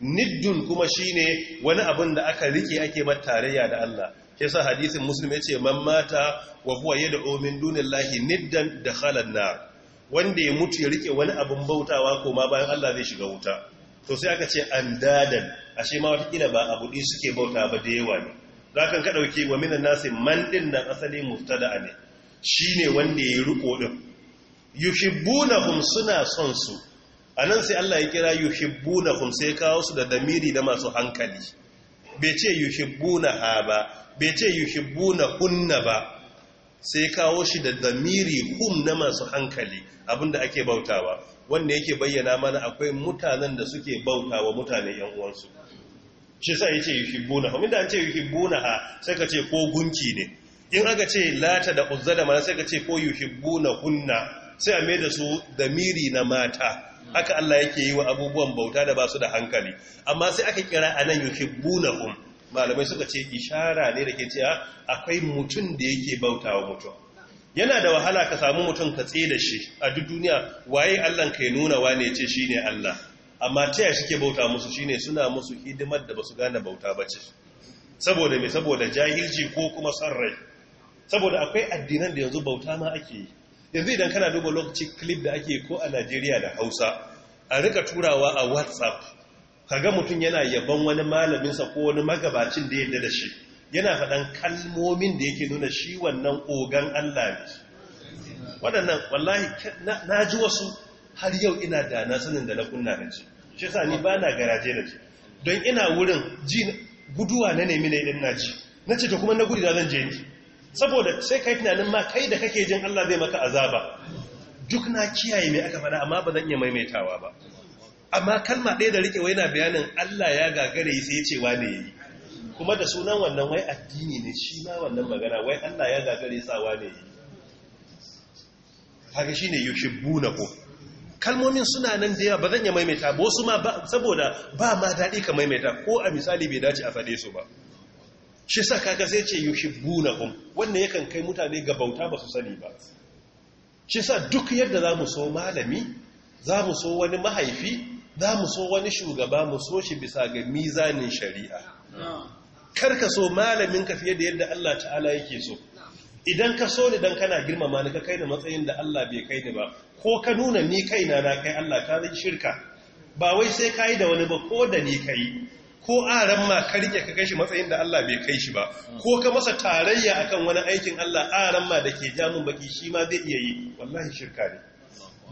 niddin kuma shi ne wani abun da aka rike ake matarayya da Allah yasa hadisin muslim yace man mata wa huwa yad'u min lahi niddan da halar na. wanda ya mutu ya rike wani abin bautawa ko ma bayan Allah zai shiga wuta to sai aka ce andadan ashe ma watakila ba abu ɗi suke bauta ba da yawa ne za kan ka ɗauki wa minan nasi man ɗin nan asali muftada ne shi ne wanda ya yi riko ɗin yuhibbunahum suna son su a nan sai Allah ya kira yuhibbunahum sai kawo su da damiri da masu hankali bai ce yuhibbunaha ba bai ce yuhibbunahunna hunna ba sai kawo shi da damiri hum na masu hankali abinda ake bautawa wanda yake bayyana mana akwai mutanen da suke bautawa mutane yan uwansu shi sai yace yuhibbuna hum inda an ce yuhibbuna ha sai ka ce ko gunki ne in aka ce lata da uzza da mana sai ka ce ko na hunna sai a mai da su damiri na mata haka Allah yake yi wa abubuwan bauta da ba su da hankali amma sai aka kira anan hum. malamai suka ce ishara ne da ke ce akwai mutum da yake bauta wa mutum yana da wahala ka samu mutum ka tsaye da shi a duk duniya waye allah ka yi nuna ne ce shi ne allah amma ta yashi ke bauta musu shi ne suna musu hidimar da ba su gane bauta ba ce saboda mai saboda jahilci ko kuma son rai saboda akwai addinan da yanzu bauta ma ake yi yanzu idan kana duba lokaci clip da ake ko a najeriya da hausa a rika turawa a whatsapp Ka ga mutum yana yabon wani malaminsa ko wani magabacin da yadda da shi yana faɗan kalmomin da yake nuna shi wannan ogan Allah ne waɗannan wallahi na ji wasu har yau ina da na sanin da na kunna da ji shi sa ni ba na garaje da ji don ina wurin ji guduwa na nemi na idan na ji na ce to kuma na gudu da zan je ni saboda sai kai tunanin ma kai da kake jin Allah zai maka azaba duk na kiyaye mai aka faɗa amma ba zan iya maimaitawa ba amma kalma ɗaya da rike wai na bayanin Allah ya gagare sai ya ce wane yi. kuma da sunan wannan wai addini ne shi ma wannan magana wai Allah ya gagare sa wane yi haka shi ne buna ko kalmomin suna nan da yawa ba zan ya maimaita ba wasu ma saboda ba ma daɗi ka maimaita ko a misali bai dace a faɗe su ba shi sa kaka sai ce ko wannan yakan kai mutane ga bauta ba su sani ba shi sa duk yadda za mu so malami za mu so wani mahaifi za mu so wani shugaba mu so shi bisa ga mizanin shari'a karka so malamin ka fiye da yadda Allah ta'ala yake so idan ka so ni dan kana girmama ni ka kai ni matsayin da Allah bai kai ni ba ko ka nuna ni kaina na kai Allah ka zai shirka ba wai sai kai da wani ba ko da ni kai ko aran ma ka rike ka kai shi matsayin da Allah bai kai shi ba ko ka masa tarayya akan wani aikin Allah aran ma da ke jamun baki shi ma zai iya yi wallahi shirka ne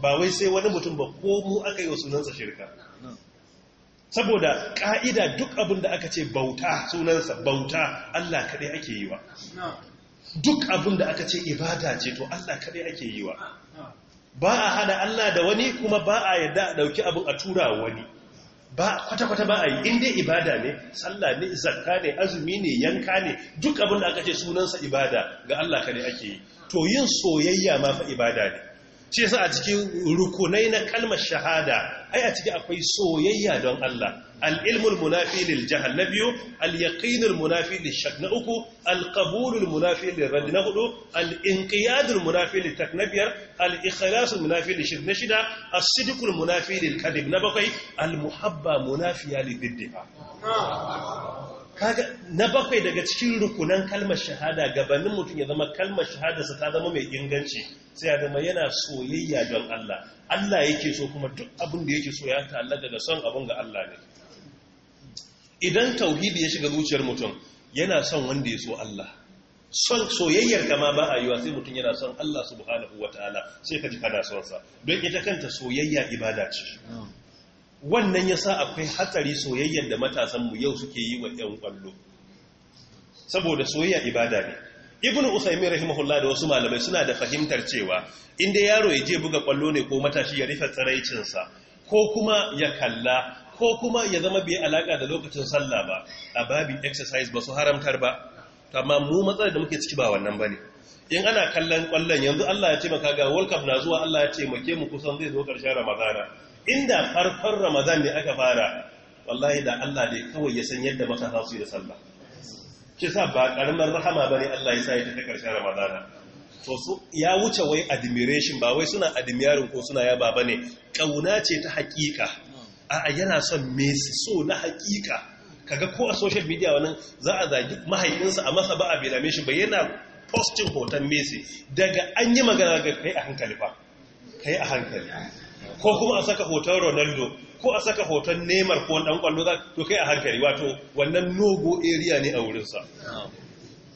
ba wai sai wani mutum ba ko mu aka yi wa sunansa shirka saboda ƙa'ida duk abin da aka ce bauta sunansa bauta Allah kaɗai ake yi wa duk abin da aka ce ibada ce to Allah kaɗai ake yi wa ba a hada Allah da wani kuma ba a yadda a ɗauki abin a tura wani ba kwata-kwata ba a yi inda ibada ne sallah ne zakka ne azumi ne yanka ne duk abin da aka ce sunansa ibada ga Allah kaɗai ake yi to yin soyayya ma fa ibada ne ce a cikin rukunai na kalmar shahada ai a ciki akwai soyayya don Allah al-ilmul munafi na biyu al-yaqinul shak na uku al-qabulul munafi na hudu al-inqiyadul munafi lil tak na biyar al-ikhlasul munafi na shida kadib na bakwai al-muhabba munafiya lil kaga na bakwai daga cikin rukunan kalmar shahada gabanin mutum ya zama kalmar shahada su ta zama mai inganci sai ya zama yana soyayya don Allah Allah yake so kuma duk abin da yake so ya ta'allaka da son abin ga Allah ne idan tauhidi ya shiga zuciyar mutum yana son wanda ya so Allah son soyayyar kama ba a yiwa sai mutum yana son Allah subhanahu wataala sai ka ji kana son sa don ita kanta soyayya ibada ce wannan ya sa akwai hatsari soyayyar da matasanmu yau suke yi wa 'yan kwallo saboda soyayya ibada ne ibn usaimi rahimahullah da wasu malamai suna da fahimtar cewa inda yaro ya je buga kwallo ne ko matashi ya rufe tsaraicinsa, ko kuma ya kalla ko kuma ya zama bai alaka da lokacin sallah ba a babin exercise ba su haramtar ba amma mu matsalar da muke ciki ba wannan ba ne in ana kallon ƙwallon, yanzu allah ya ce maka ga world na zuwa allah ya ce make mu kusan zai zo ƙarshen ramadana inda farkon ramadan ne aka fara wallahi da Allah ne kawai ya san yadda masa su yi da sallah ke sa ba karamar rahama bane Allah ya sa ya ta karshen ramadana to su ya wuce wai admiration ba wai suna admiring ko suna yaba bane kauna ce ta hakika a yana son me so na hakika kaga ko a social media wannan za a zagi mahaifinsa a masa ba a belame shi ba yana postin hoton Messi daga an yi magana ga kai a hankali ba kai a hankali ko kuma a saka hoton ronaldo ko a saka hoton neymar ko ɗan kwallo za to kai a hankali wato wannan nogo area ne a wurinsa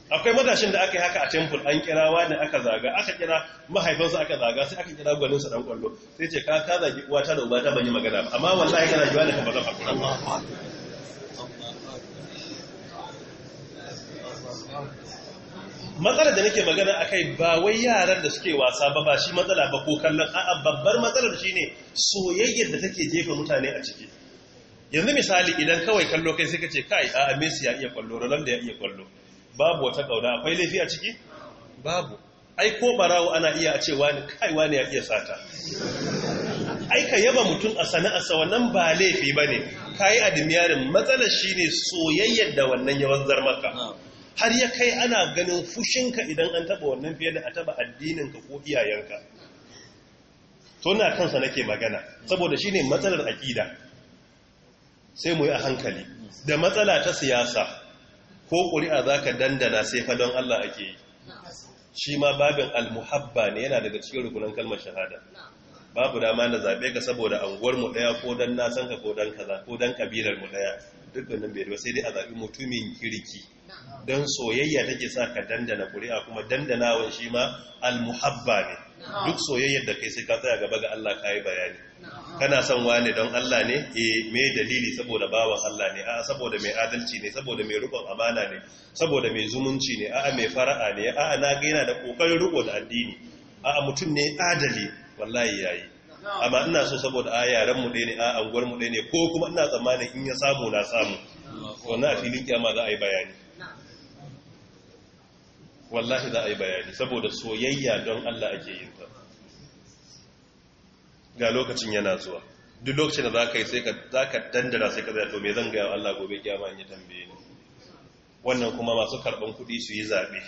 akwai matashin da aka yi haka a temple an kira wani aka zaga aka kira mahaifinsa aka zaga sai aka kira gwaninsa dan kwallo sai ce ka ka zagi uwata da ubata ban yi magana ba amma wallahi kana jiwa da kamar zan matsalar da nake magana a kai ba wai yaran da suke wasa ba ba shi matsala ba ko kallon a'a babbar matsalar shine soyayyar da take jefa mutane a ciki yanzu misali idan kawai kallo kai sai ka ce kai a'a Messi ya iya kwallo Ronaldo ya iya kwallo babu wata kauna akwai laifi a ciki babu ai ko barawo ana iya a ce wani kai wani ya iya sata ai ka yaba mutum a sana'arsa wannan ba laifi bane kai admiyarin matsalar shine soyayyar da wannan ya wanzar maka har ya kai ana ganin fushinka idan an taba wannan fiye da a taba addininka ko iyayenka to na kansa nake magana saboda shine matsalar akida sai mu yi a hankali da matsala ta siyasa ko ƙuri'a za ka dandana sai fa don Allah ake yi shi ma babin almuhabba ne yana daga cikin rukunan kalmar shahada babu dama na zabe ka saboda anguwar mu ɗaya ko don nasanka ko don kaza ko don ƙabilar mu daya dukkanin bai sai dai a zabi mutumin kirki don soyayya take sa ka dandana kuri'a, kuma dandanawa shi ma almuhabba ne duk soyayyar da kai sai ka tsaya gaba ga Allah ka yi bayani kana son wane don Allah ne e me dalili saboda bawan Allah ne a saboda mai adalci ne saboda mai rubon amana ne saboda mai zumunci ne a'a mai fara'a ne a'a na ga yana da kokarin rubo da addini a'a mutum ne adali wallahi yayi amma ina so saboda a yaran mu dai ne a anguwar mu dai ne ko kuma ina tsammanin in ya samu na samu wannan a filin kiyama za a yi bayani wallahi za a yi bayani saboda soyayya don Allah ake yin ta ga lokacin yana zuwa duk lokacin da za ka yi sai ka dandara sai ka zai to me zan gaya Allah gobe kyama in yi tambaye ni wannan kuma masu karɓan kuɗi su yi zaɓe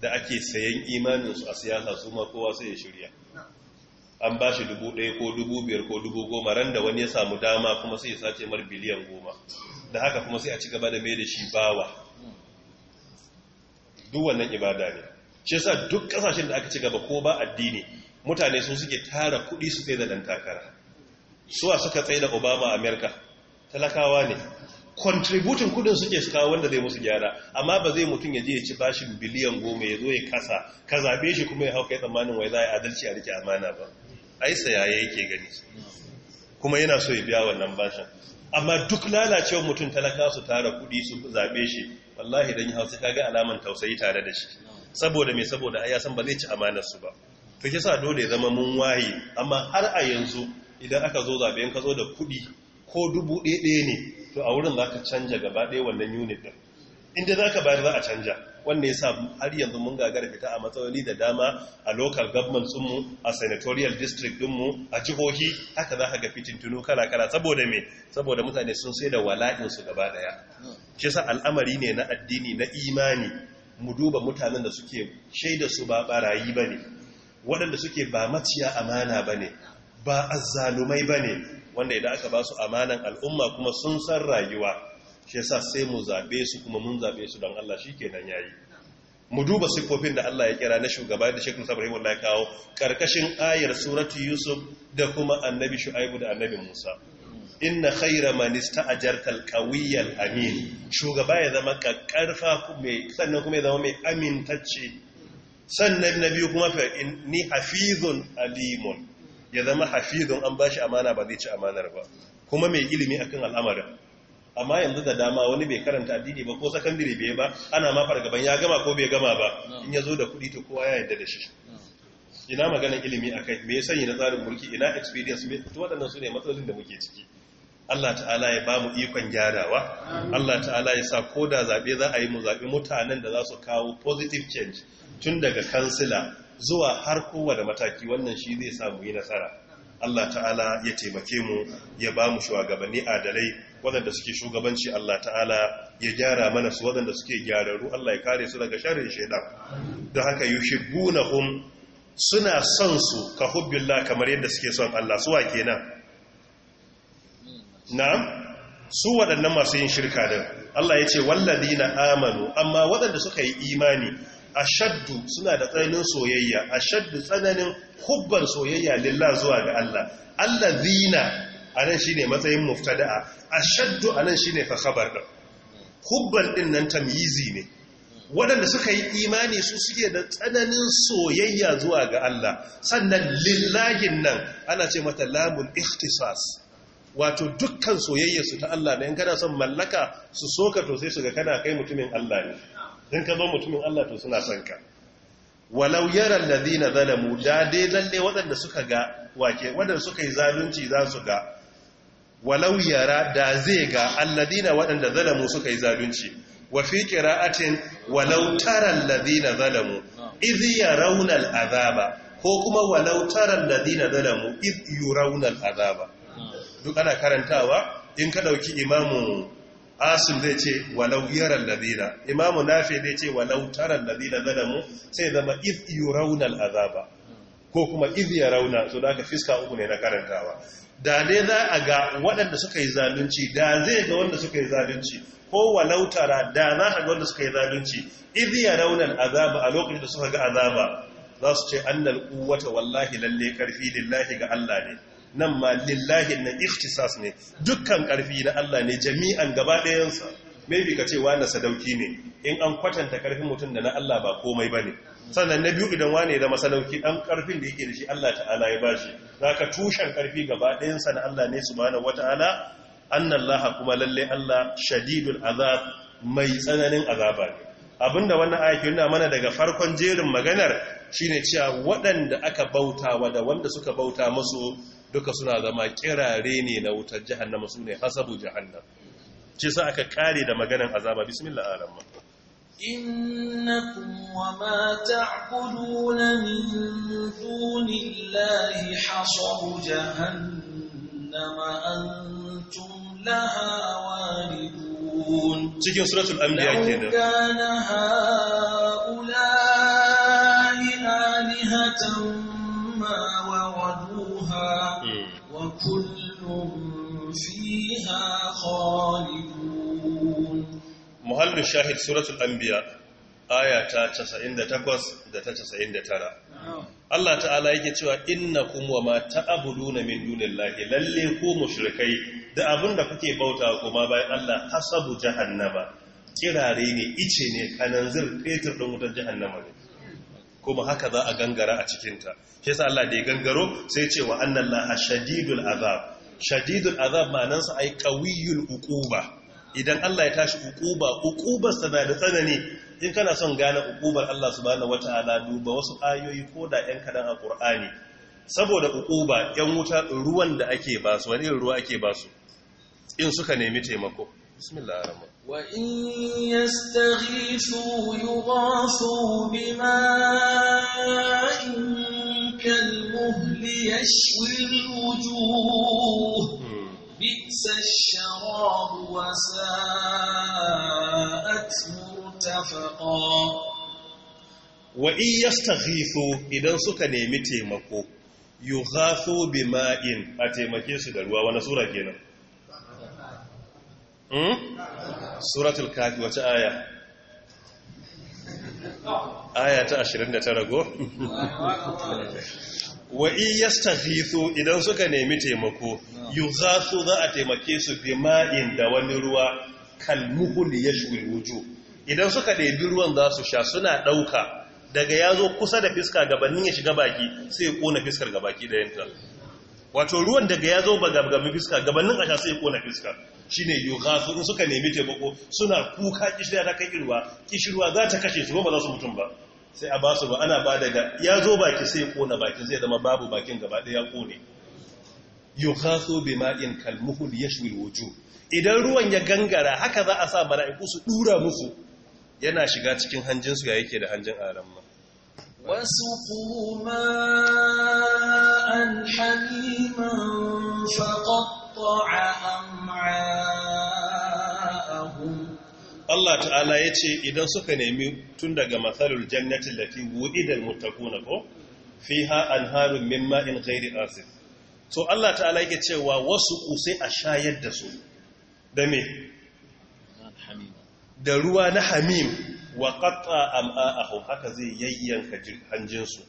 da ake sayan imaninsu a siyasa su ma kowa sai ya shirya an ba shi dubu ɗaya ko dubu biyar ko dubu goma ran da wani ya samu dama kuma sai ya sace mar biliyan goma da haka kuma sai a ci gaba da mai da shi bawa duk wannan ibada ne shi yasa duk kasashen da aka ci gaba ko ba addini mutane sun suke tara kuɗi su tsaye da dan takara suwa suka tsaye da obama amerika talakawa ne contributin kudin suke suka wanda zai musu gyara amma ba zai mutum ya je ya ci bashin biliyan goma ya zo ya kasa ka zaɓe shi kuma ya hau kai tsammanin wai za a yi adalci a rike amana ba ai sayaya yake gani kuma yana so ya biya wannan bashin amma duk lalacewar mutum talaka su tara kudi su zaɓe shi wallahi dan hausa kaga alaman tausayi tare da shi saboda me saboda ai ya san ba zai ci amanar su ba to kisa dole zama mun waye amma har a yanzu idan aka zo zabe in ka zo da kudi ko dubu ɗaya ɗaya ne to a wurin zaka canja gaba ɗaya wannan unit din inda zaka bayar za a canja wanda ya sa har yanzu mun gagara fita a matsaloli da dama a local government sunmu a senatorial district dinmu a jihohi haka za a ga tunu kala-kala saboda me saboda mutane sun sai da wala'insu gaba daya shi sa al'amari ne na addini na imani mu duba mutanen da suke shaida su ba barayi ba ne waɗanda suke ba maciya amana ba ne ba azzalumai ba ne wanda idan aka ba su amanan al'umma kuma sun san rayuwa shi yasa sai mu zaɓe su kuma mun zabe su don Allah shi ya yi. mu duba siffofin da Allah ya kira na shugaba da Sheikh Musa Ibrahim kawo Ƙarƙashin ayar suratu Yusuf da kuma annabi Shu'aibu da annabi Musa inna khaira man ista'jartal qawiyyal amin shugaba ya zama kakkarfa mai sannan kuma ya zama mai amintacce sannan na biyu kuma ni hafizun alimun ya zama hafizun an ba shi amana ba zai ci amanar ba kuma mai ilimi akan al'amarin amma yanzu da dama wani bai karanta addini ba ko sakandire bai ba ana ma fargaban ya gama ko bai gama ba in ya zo da kuɗi to kowa ya yarda da shi ina magana ilimi a kai me ya sanyi na tsarin mulki ina experience mai fito waɗannan su ne matsalolin da muke ciki Allah ta'ala ya ba mu ikon gyarawa Allah ta'ala ya sa ko da zaɓe za a yi mu zaɓi mutanen da za su kawo positive change tun daga kansila zuwa har kowane mataki wannan shi zai sa mu yi nasara Allah ta'ala ya taimake mu ya ba mu shugabanni adalai waɗanda suke shugabanci Allah ta'ala ya gyara mana su waɗanda suke gyararru Allah ya kare su daga sharrin shaidan da haka yushibunahum suna son su ka hubbilla kamar yadda suke son Allah suwa kenan na'am su waɗannan masu yin shirka din Allah ya ce walladina amanu amma waɗanda suka yi imani ashaddu suna da tsananin soyayya ashaddu tsananin hubban soyayya lillah zuwa ga Allah Allah allazina anan shine matsayin muftada'a ashaddu anan shine fa khabar da hubban din nan tamyizi ne waɗanda suka yi imani su suke da tsananin soyayya zuwa ga Allah sannan lillahin nan ana ce mata lamul ikhtisas wato dukkan soyayya su ta Allah ne in kana son mallaka su soka to sai su ga kana kai mutumin Allah ne in ka zo mutumin Allah to suna son ka walau yara alladhina zalamu da dai lalle waɗanda suka ga wake waɗanda suka yi zalunci za su ga walau yara da zai ga alladhina waɗanda zalamu suka yi zalunci wa fi qira'atin walau tara alladhina zalamu idh yarawna al'azaba ko kuma walau tara alladhina zalamu idh raunar al'azaba duk ana karantawa in ka dauki imamu asim zai ce walau yaran ladina imamu nafi zai ce walau taran ladina zalamu sai zama if raunar azaba ko kuma if yarauna so da fiska uku ne na karantawa da ne za a ga waɗanda suka yi zalunci da zai ga wanda suka yi zalunci ko walau tara da za a ga wanda suka yi zalunci if raunar azaba a lokacin da suka ga azaba za su ce annal quwwata wallahi lalle karfi lillahi ga Allah ne nan ma lillahi na ikhtisas ne dukkan karfi na Allah ne jami'an gaba ɗayansa maybe ka ce wani sadauki ne in an kwatanta karfin mutum da na Allah ba komai ba ne sannan na biyu idan wani da masalauki Dan karfin da yake da shi Allah ta'ala ya ba shi za ka tushen karfi gaba dayansa na Allah ne subhanahu wata'ala annan laha kuma lalle Allah shadidul azab mai tsananin azaba ne abinda wannan ayaki yana mana daga farkon jerin maganar shine cewa waɗanda aka bautawa da wanda suka bauta musu duka suna zama kirare ne na wutar jahannama su ne hasabu jahannam ce sa aka kare da maganin azaba bismillah arama innakum wa ma ta'buduna min dunillahi hasabu jahannama antum laha walidun cikin suratul anbiya kenan kana haula alihatan ma wa wadu Muhallin Shahid suratul خالدون محل الشاهد da aya ta 98 da ta 99 Allah ta'ala yake cewa innakum wa ma ta'buduna min dunillahi lalle ku mushrikai da abinda kuke bauta kuma bayan Allah hasabu jahannama kirare ne ice ne kananzir fetur din wutar jahannama ne kuma haka za a gangara a cikinta shi sa Allah da ya gangaro sai ce wa annan laha shadidul azab shadidul azab sa ai kawiyul uquba idan Allah ya tashi uquba uqubar sa da tsanani in kana son gane uqubar Allah subhanahu wataala duba wasu ayoyi ko da yan kadan a Qur'ani saboda uquba yan wuta ruwan da ake basu wani ruwa ake basu in suka nemi taimako bismillahir وإن يستغيثوا يغاثوا بماء كالمهل يشوي الوجوه بئس الشراب وساءت مرتفقا وإن يستغيثوا إذا سكني متي مكو yughathu bima'in a taimake su da Hmm? suratul kafi wace aya aya ta 29 go wa in yastaghithu idan suka nemi taimako yughathu za a taimake su bi ma'in da wani ruwa kalmuhul yashwil wujuh idan suka ɗebi ruwan za su sha suna ɗauka daga ya zo kusa da fiska gabanin ya shiga baki sai ya ƙona fiskar gabaki dayanta. wato ruwan daga ya zo ba gabanin fiska gabanin a sai ya ƙona fiska Shi shine ga in suka nemi taimako suna kuka kishirwa ta kai irwa kishirwa za ta kashe su ba za su mutum ba sai a ba su ba ana ba daga ya zo baki sai kona bakin zai zama babu bakin gaba ɗaya ya kone yughasu bima'in kalmuhul shi wujuh idan ruwan ya gangara haka za a sa mala'iku su dura musu yana shiga cikin hanjinsu ya yake da hanjin aramma wasu kuma an Allah ta'ala ya ce idan suka nemi tun daga matsalar jannatin da mutaku na ko fi ha an harin mimma in gairi asif to Allah ta'ala yake cewa wasu kusai a shayar da su da me da ruwa na hamim wa ƙatta a haka zai yayyanka hanjinsu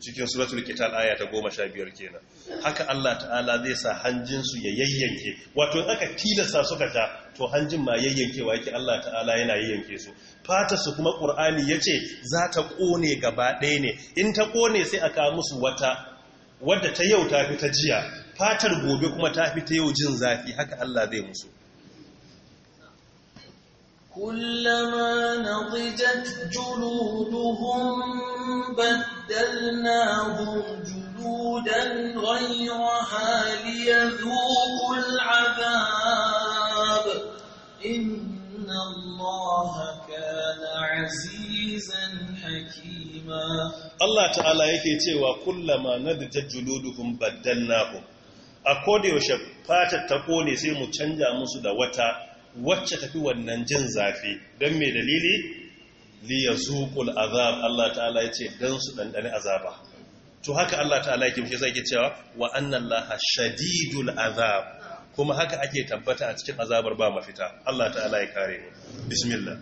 cikin suratul qital aya ta biyar kenan haka Allah ta'ala zai sa hanjin su ya yayyanke wato in aka tilasta suka ta to hanjin ma yayyankewa yake Allah ta'ala yana yayyanke su fata su kuma qur'ani yace za ta kone gaba ɗaya ne in ta kone sai aka musu wata wadda ta yau ta fi ta jiya fatar gobe kuma ta fi ta yau jin zafi haka Allah zai musu كلما نضجت جلودهم بدلناهم جلودا غيرها ليذوقوا العذاب إن الله كان عزيزا حكيما الله تعالى yake cewa kullama nadjat juluduhum baddalnahum a kodayaushe fatar ta kone sai mu canja musu da wata wacce tafi wannan jin zafi don mai dalili Liya zuƙul azab Allah ta'ala yace dan su ɗanɗani azaba to haka Allah ta'ala ya ke zai yake cewa wa annan laha shadidul azab kuma haka ake tabbata a cikin azabar ba mafita Allah ta'ala ya kare mu bismillah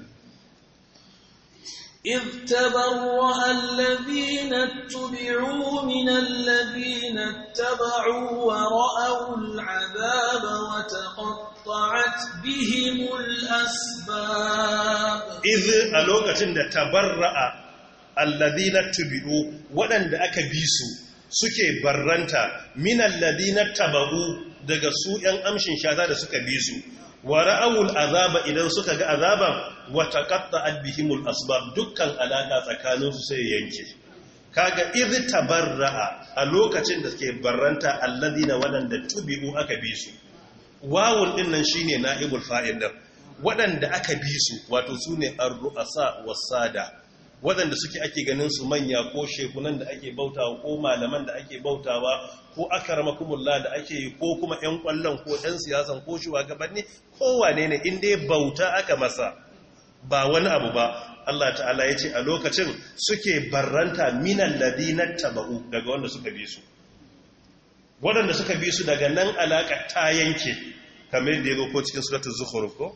إذ تبرأ الذين اتبعوا من الذين اتبعوا ورأوا العذاب وتقطعت بهم الأسباب إذ ألوكة تبرأ الذين اتبعوا ولن أكبيسوا suke barranta min alladina tabau daga su ‘yan amshin shata da suka bi su wa ra'awul azaba idan suka ga azaba wa taqatta bihimul asbab dukkan alaka su sai yanke kaga idh tabarra'a a lokacin da suke barranta alladina wadanda tubi'u aka bi su wawul din nan shine na'ibul fa'il din wadanda aka bi su wato sune ar-ru'asa was-sada waɗanda suke ake ganin su manya ko shekunan da ake bautawa ko malaman da ake bautawa ko akarama kumulla da ake yi ko kuma 'yan kwallon ko 'yan siyasan ko shi shugabanni kowane ne inda ya bauta aka masa ba wani abu ba Allah ta'ala ya ce a lokacin suke barranta minan ladinar taba'u daga wanda suka bi su waɗanda suka bi su daga nan alaƙa ta yanke kamar da ya zo ko cikin suratun zukhruf ko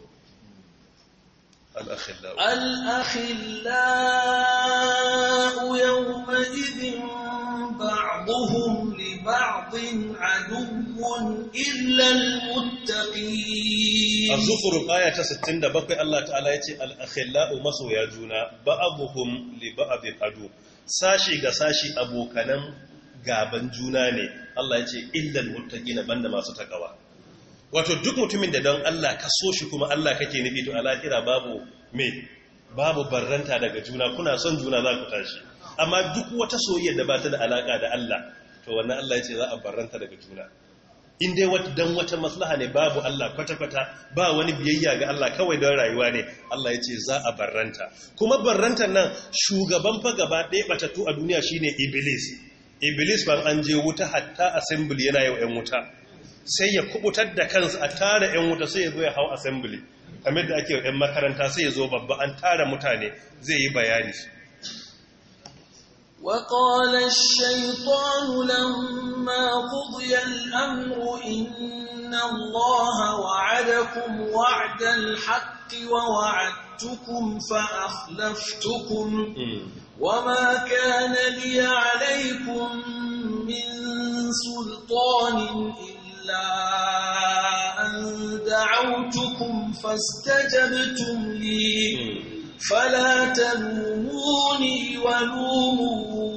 الأخلاء الأخلاء يومئذ بعضهم لبعض عدو إلا المتقين الزخرف آية 60 بقي الله تعالى يتي الأخلاء مسو يجونا بعضهم لبعض عدو sashi ga sashi abokanan gaban juna ne Allah ya ce illal muttaqina banda masu takawa wato duk mutumin da don Allah ka so shi kuma Allah kake nufi to alakira babu me babu barranta daga juna kuna son juna za ku tashi amma duk wata soyayya da ba ta da alaka da Allah to wannan Allah ya ce za a barranta daga juna in dai wata dan wata maslaha ne babu Allah kwata-kwata ba wani biyayya ga Allah kawai don rayuwa ne Allah ya ce za a barranta kuma barrantar nan shugaban fa gaba ɗaya batattu a duniya shine iblis iblis ban an je wuta hatta assembly yana yau 'yan wuta sai ya kubutar da kansa a tara 'yan wuta sai ya zo ya hau assembly kamar da ake yan makaranta sai ya zo babba an tara mutane zai yi bayani وقال الشيطان لما قضي الأمر إن الله wa وعد الحق ووعدتكم فأخلفتكم وما كان لي عليكم من سلطان إلا إلا أن دعوتكم فاستجبتم لي فلا تلوموني ولوموا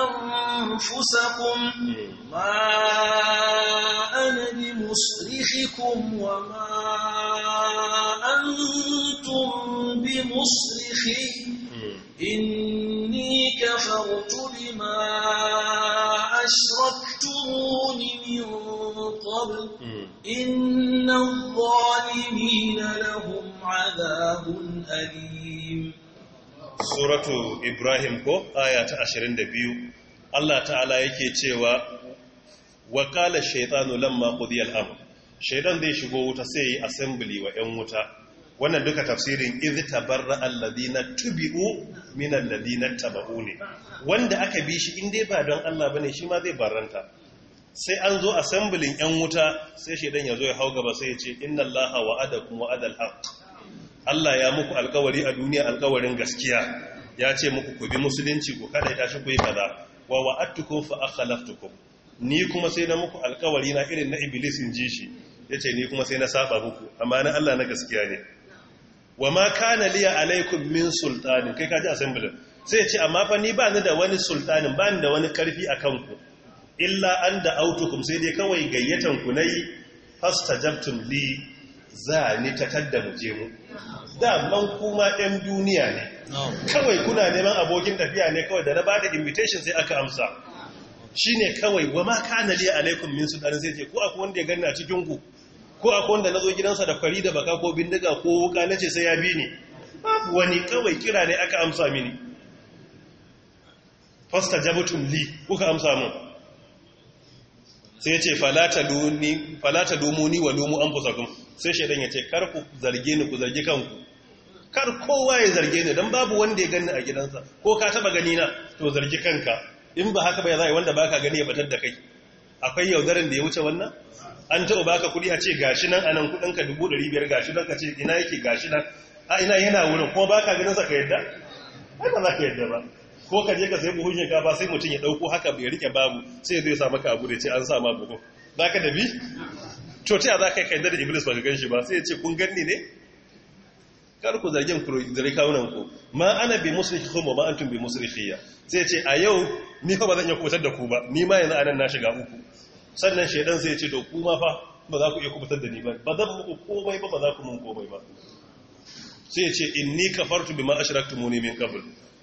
أنفسكم ما أنا بمصرخكم وما أنتم بمصرخي إني كفرت بما أَشْرَكْتُمُونِ مِنْ قَبْلِ إِنَّ الظَّالِمِينَ لَهُمْ عَذَابٌ أَلِيمٌ سورة إبراهيم كو آية عشرين دبيو الله تعالى يكي تيوى وقال الشيطان لما قضي الأمر shaidan zai shigo wuta sai yi assembly wa 'yan wuta wannan duka tafsirin izi tabarra na tubi'u min na tabau ne wanda aka bi shi in dai ba don Allah bane shi ma zai baranta. sai an zo assembling yan wuta sai shedan ya zo ya hau gaba sai ya ce inna allaha kuma wa'adal haqq Allah ya muku alkawari a duniya alkawarin gaskiya ya ce muku ku bi musulunci ku kada ya shi ku yi kaza wa wa'adtukum fa akhlaftukum ni kuma sai na muku alkawari na irin na iblis in ji shi yace ni kuma sai na saba muku amma na Allah na gaskiya ne wa ma kana liya alaikum min sultanin kai kaji assembly sai ce amma fa ni ba ni da wani sultanin ba ni da wani karfi a kanku illa an da autukum sai dai kawai gayyatan ku nayi fastajabtum li za ni takadda mu je mu da man kuma ɗan duniya ne kawai kuna neman abokin tafiya ne kawai da na bada invitation sai aka amsa shine kawai wa ma kana liya alaikum min sultanin sai ce ko akwai wanda ya ganna cikin ku ko akwai wanda na zo gidansa da fari da baka ko bindiga ko wuka na ce sai ya bi ni babu wani kawai kira ne aka amsa mini fasta jabutun li kuka amsa mun sai ce falata domuni wa domo an fusakun sai shaidan ya ce kar ku zarge ni ku zargi kanku kar kowa ya zarge ni don babu wanda ya gani a gidansa ko ka taba gani na to zargi kanka in ba haka ba ya yi wanda ba ka gani ya batar da kai akwai yaudarin da ya wuce wannan an taɓa baka kuɗi a ce gashi nan anan kuɗinka dubu ɗari biyar gashi nan ka ce ina yake gashi nan a ina yana wurin kuma baka ganin sa ka yadda ai ba za ka yadda ba ko ka je ka sai buhun shinkafa sai mutum ya ɗauko haka bai rike babu sai zai sa maka abu da ce an sa ma buhun ba ka da coci a za ka yi da iblis ba ka ba sai ya ce kun ganni ne kar ku zargin ku zare kawunan ku ma ana bi musulki kuma ma tun bi musulkiya sai ce a yau ni fa ba zan iya kutar da ku ba ni ma yanzu anan na shiga uku sannan shaidan zai ce to kuma fa ba za ku iya kubutar da ni ba ba zan muku komai ba ba za ku mun komai ba sai ya ce inni kafartu bima muni min qabl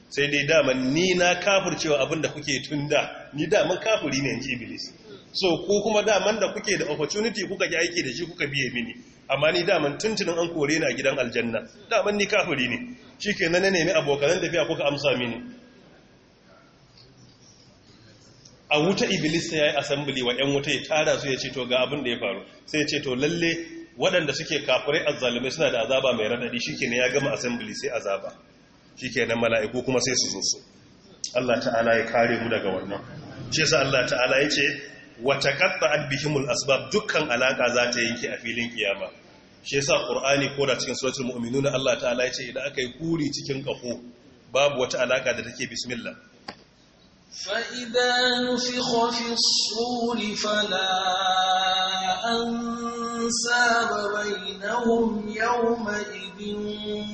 sai dai da man ni na cewa abinda kuke tunda ni da man kafiri ne inji iblis so ko kuma man da kuke da opportunity kuka ji aiki da shi kuka biye mini amma ni da man tuntunin an kore ni a gidan aljanna Da man ni kafiri ne shikenan na nemi abokan tafiya kuka amsa mini a wuta iblis ya yi assembly wa 'yan wuta ya tara su ya ce to ga abin da ya faru sai ya ce to lalle waɗanda suke kafirai azzalumai suna da azaba mai raɗaɗi shi ya gama assembly sai azaba shi ke nan mala'iku kuma sai su zo su Allah ta'ala ya kare mu daga wannan shi yasa Allah ta'ala ya ce wa taqatta'at bihimul asbab dukkan alaƙa za ta yanke a filin kiyama shi yasa qur'ani ko da cikin suratul mu'minuna Allah ta'ala ya ce idan aka yi kuri cikin kafo babu wata alaka da take bismillah فَإِذَا نُفِخَ فِي الصُّورِ فَلَا أَنْسَابَ بَيْنَهُمْ يَوْمَئِذٍ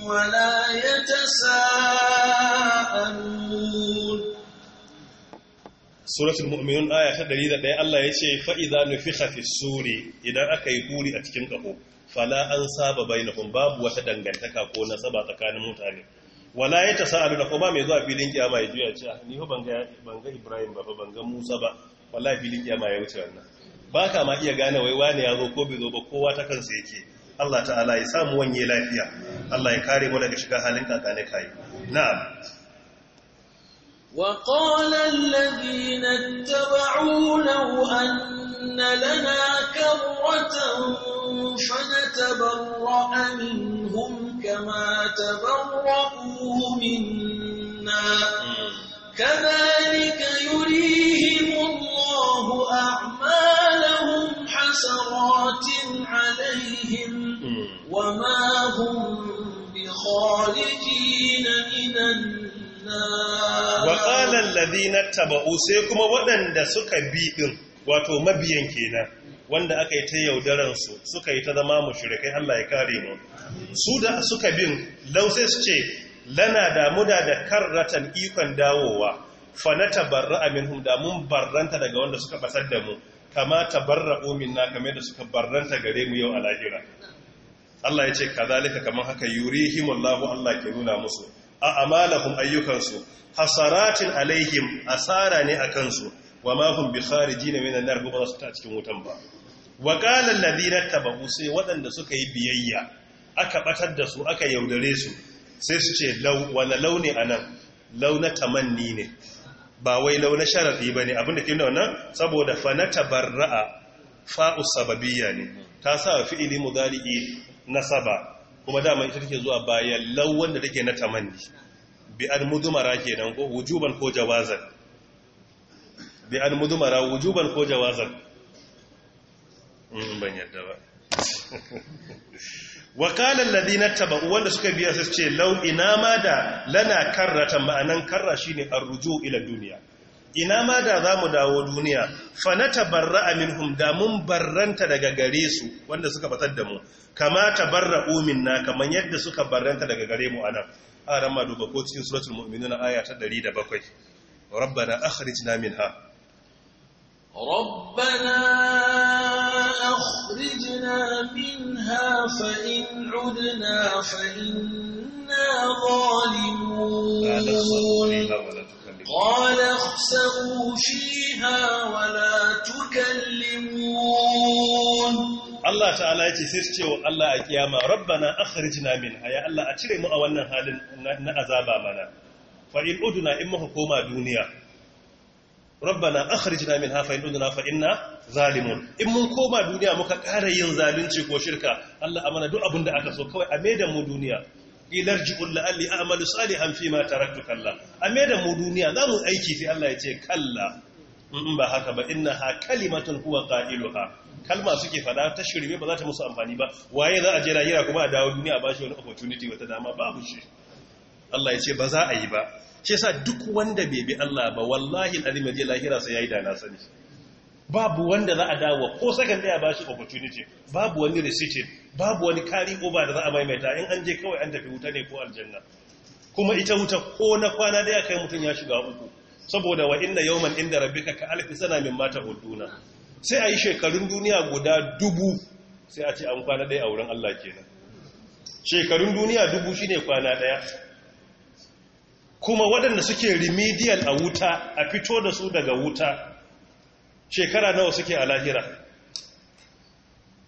وَلَا يَتَسَاءَلُونَ سورة المؤمنون آية تدري ذا الله يشي فإذا نفخ في الصور إذا أكي هولي أتكين فلا أنساب بينهم باب وتدنغن تكاكو نسبة تكان متعني wala ya sa'adu da kuma mai zuwa filin kyama ya juya ce ni ho ban ga Ibrahim ba ban ga Musa ba Wala filin kyama ya wuce wannan ka ma iya gane wai wane ya zo ko bai zo ba kowa ta kansa yake Allah ta'ala ya samu wanye lafiya Allah ya kare mu daga shiga halin kakane kai na'am وقال الذين اتبعوا له أن لنا كرة فنتبرأ منهم كما تبرؤوا منا كذلك يريهم الله أعمالهم حسرات عليهم وما هم بخالدين من النار وقال الذين اتبعوا سيكم ودن دسك سكبي wato mabiyan كينا wanda aka yi ta yaudaransu suka yi ta zama kai Allah ya kare mu su da suka bin lausai su ce lana damuda da karratan ikon dawowa fanata na tabarra'a da mun barranta daga wanda suka basar da mu kama omin na kamar da suka barranta gare mu yau a lahira Allah ya ce kazalika kamar haka yurihimullahu Allah ke nuna musu a amalahum ayyukansu hasaratin alaihim asara ne a kansu. wa ma hum bi kharijin minan nar ba su ta cikin wutan ba wa qala na tabu sai waɗanda suka yi biyayya aka ɓatar da su aka yaudare su sai su ce wane launi a nan launa tamanni ne ba wai launa sharafi ne abinda ke nuna saboda fa a fa'u sababiyya ne ta sa wa fi'ili na nasaba kuma dama ita take zuwa bayan law wanda take na tamanni bi an mudumara ke nan ko wujuban ko jawazan ban yadda ba [laughs] wakalar na taba wanda suka biya su ce lau ina ma da lana karrata ma'anan karra shine arruju ila duniya ina ma da za mu dawo duniya fanata barra a da mun barranta daga gare su wanda suka batar da mu kama tabarra na kamar yadda suka barranta daga gare mu anan a rama duba ko cikin suratul mu'minuna aya ta 107 rabbana akhrijna minha rabbana أخرجنا منها فإن عدنا فإنا ظالمون قال اخسئوا فيها ولا تكلمون Allah ta'ala ya ce sai su ce wa Allah a kiyama rabbana akhrijna minha ya Allah a cire mu a wannan halin na azaba mana fa in uduna in muka koma duniya rabbana akhrijna min hafa yaduna fa inna zalimun in mun koma duniya muka ƙara yin zalunci ko shirka Allah amana duk abin da aka so kawai a maida mu duniya ilarji'ul la'alli a'malu salihan fi ma taraktu kalla a mu duniya za mu aiki sai Allah ya ce kalla in ba haka ba innaha kalimatun huwa qailuha kalma suke fada ta shirme ba za ta musu amfani ba waye za a je lahira kuma a dawo duniya ba shi wani opportunity wata dama babu shi Allah ya ce ba za a yi ba shi yasa duk wanda bai bi Allah ba wallahi alazim je lahira sai yayi da na sani babu wanda za a dawo ko second daya ba shi opportunity babu wani receipt. babu wani kari ba da za a maimaita in an je kawai an tafi wuta ne ko aljanna kuma ita wuta ko na kwana daya kai mutum ya shiga uku saboda wa inna yawman inda rabbika ka alfi sana min mata huduna sai ayi shekarun duniya guda dubu sai a ce an kwana daya a wurin Allah kenan shekarun duniya dubu shine kwana daya kuma waɗanda suke remedial a wuta a fito da su daga wuta shekara nawa suke a lahira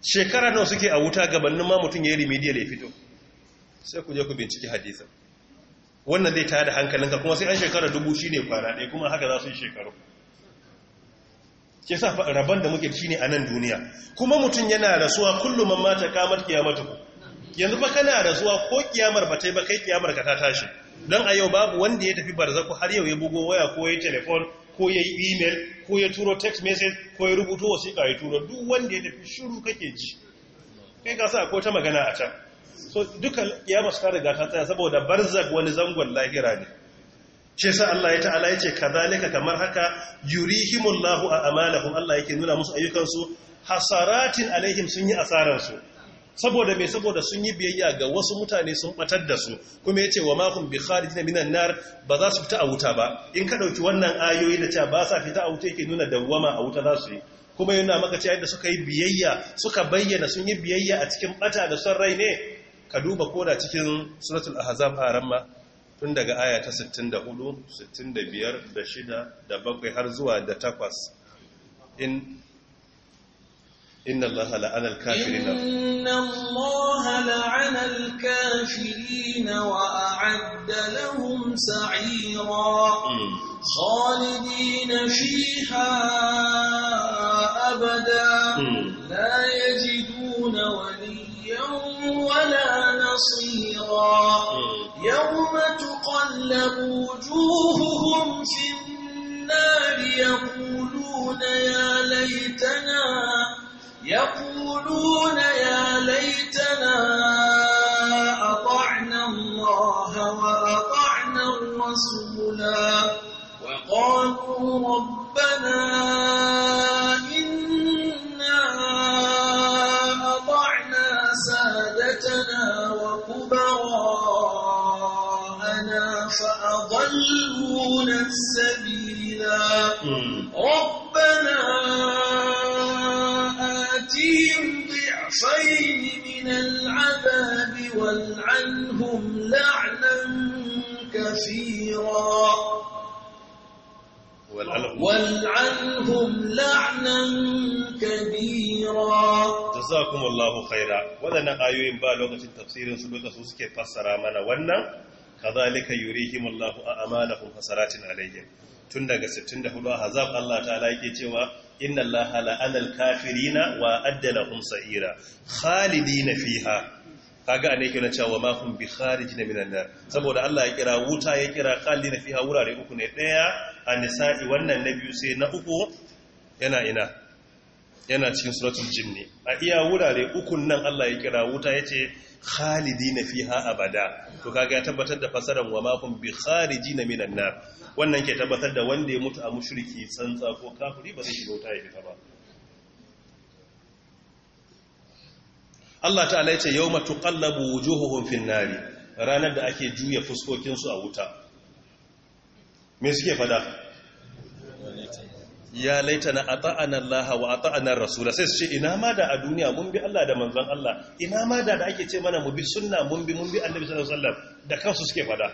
shekara nawa suke a wuta gabanin ma mutum ya yi remedial ya fito sai ku je ku binciki hadisan wannan zai tayar da hankalinka kuma sai an shekara dubu shi ne kwana ɗaya kuma haka za su yi shekaru ke sa rabon da muke shi ne a nan duniya kuma mutum yana rasuwa kullum mamata kamar kiyamata ku yanzu ba kana rasuwa ko kiyamar ba ta yi ba kai kiyamar ka ta tashi don a yau babu wanda ya tafi barzaku har yau ya bugo waya ko ya telefon ko ya yi email ko ya turo text message ko ya rubuto wasiƙa ya turo duk wanda ya tafi shiru kake ji kai ka sa ko ta magana a can so duka ya masu ta riga tsaya saboda barzak wani zangon lahira ne ce sa Allah ya ta'ala ya ce kadhalika kamar haka yurihimullahu a amalahum Allah yake nuna musu ayyukansu hasaratin alaihim sun yi asararsu saboda mai saboda sun yi biyayya ga wasu mutane sun batar da su kuma ya ce wa makon bi kharijin minan nar ba za su fita a wuta ba in ka ɗauki wannan ayoyi da cewa ba sa fita a wuta yake nuna dawwama a wuta za su yi kuma yana maka cewa yadda suka yi biyayya suka bayyana sun yi biyayya a cikin bata da son rai ne ka duba koda cikin suratul ahzab a ramma tun daga aya ta 64 65 da 6 da 7 har zuwa da 8 in إن الله لعن الكافرين إن الله لعن الكافرين وأعد لهم سعيرا خالدين فيها أبدا لا يجدون وليا ولا نصيرا يوم تقلب وجوههم في النار يقولون يا ليتنا يقولون يا ليتنا أطعنا الله وأطعنا الرسولا وقالوا ربنا إنا أطعنا سادتنا وكبراءنا فأضلونا السبيل wal'anhum la'nan kabira jazakumullahu khaira wadannan ayoyin ba lokacin tafsirin su duka su suke fassara mana wannan kadhalika yurihimullahu a'malahum hasaratin alayhim tun daga hudu 64 hazab Allah ta'ala yake cewa inna allaha la'anal kafirina wa'adda na lahum ira, khalidina fiha kaga a ne ke cewa ma kun bi kharij na minan nar saboda Allah ya kira wuta ya kira kalli na fiha wurare uku ne daya a nisa'i wannan na biyu sai na uku yana ina yana cikin suratul jinni a iya wurare uku nan Allah ya kira wuta yace khalidina fiha abada to kaga ya tabbatar da fasaran wa ma kun bi kharijina minan nar wannan ke tabbatar da wanda ya mutu a mushriki tsantsa ko kafiri ba zai shiga wuta ya fita ba Allah ta'ala yace yawma tuqallabu wujuhuhum fin nari ranar da ake juya fuskokin su a wuta me suke fada ya laitana ata'ana Allah wa ata'ana Rasul sai su ce ina ma da a duniya mun bi Allah da manzon Allah ina ma da da ake ce mana mu bi sunna mun bi mun bi Annabi sallallahu alaihi wasallam da kansu suke fada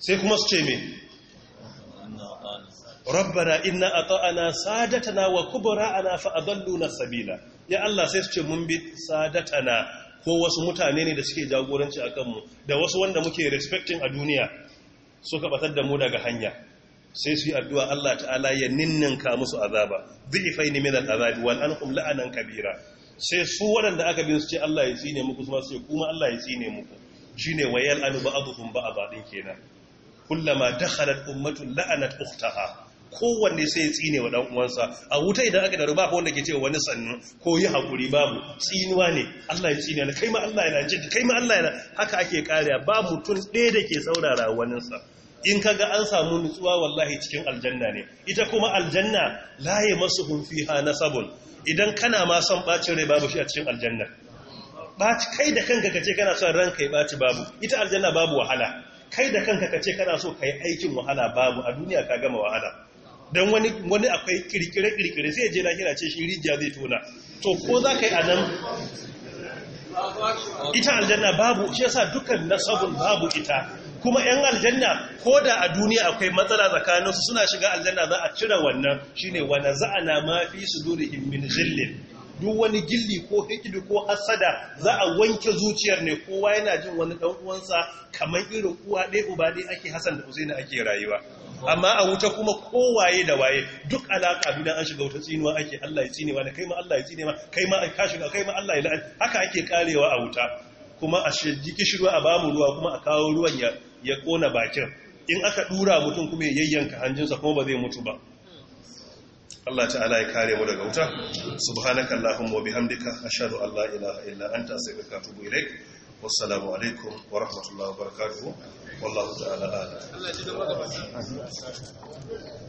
sai kuma su ce me rabbana inna ata'ana sadatana wa kubara'ana fa adalluna sabila ya Allah sai su ce mun bi sadatana ko wasu mutane ne da suke jagoranci a kanmu da wasu wanda muke respecting a duniya suka batar da mu daga hanya sai su yi addu'a Allah ta'ala ya ninninka musu azaba zai ne min al'azabi wal kum la'anan kabira sai su waɗanda aka bin su ce Allah ya tsine muku kuma sai kuma Allah ya tsine muku Shi ne wayan anu ba a baɗin kenan kullama dakhalat ummatun la'anat ukhtaha kowanne sai ya tsine wa dan uwansa a wuta idan aka daru ba wanda ke ce wani sannu ko yi hakuri babu tsinuwa ne Allah ya tsine kai ma Allah yana kai ma Allah yana haka ake kariya ba mutum ɗaya da ke saurara waninsa in ka ga an samu nutsuwa wallahi cikin aljanna ne ita kuma aljanna masu yamasuhum na nasabun idan kana ma son bacin rai babu shi a cikin aljanna kai da kanka kace kana son ranka ya baci babu ita aljanna babu wahala kai da kanka kace kana so kai aikin wahala babu a duniya ka gama wahala don wani akwai kirkire-kirkire sai je lahira ce shi rijiya zai tona to ko za ka yi a nan ita aljanna babu shi yasa dukkan nasabun babu ita kuma 'yan aljanna ko da a duniya akwai matsala tsakaninsu suna shiga aljanna za a cire wannan shi ne wane za a na mafi su duri himmin zillin duk wani gilli ko hikidu ko hasada za a wanke zuciyar ne kowa yana jin wani ɗan uwansa kamar irin uwa ɗaya uba ɗaya ake hasan da usaini ake rayuwa amma a wuta kuma kowaye da waye duk alaka bidan an shiga wuta tsinuwa ake Allah ya tsinewa da kai ma Allah ya tsinewa kai ma ka shiga kai ma Allah ya la'a haka ake karewa a wuta kuma a shirji kishirwa a bamu ruwa kuma a kawo ruwan ya ya kona bakin in aka dura mutum kuma ya yayyanka hanjinsa kuma ba zai mutu ba Allah ta'ala ya kare mu daga wuta subhanaka allahumma wa bihamdika ashhadu an la ilaha illa anta astaghfiruka wa atubu ilaik wassalamu alaikum wa rahmatullahi wa barakatuh wallahu ta'ala ala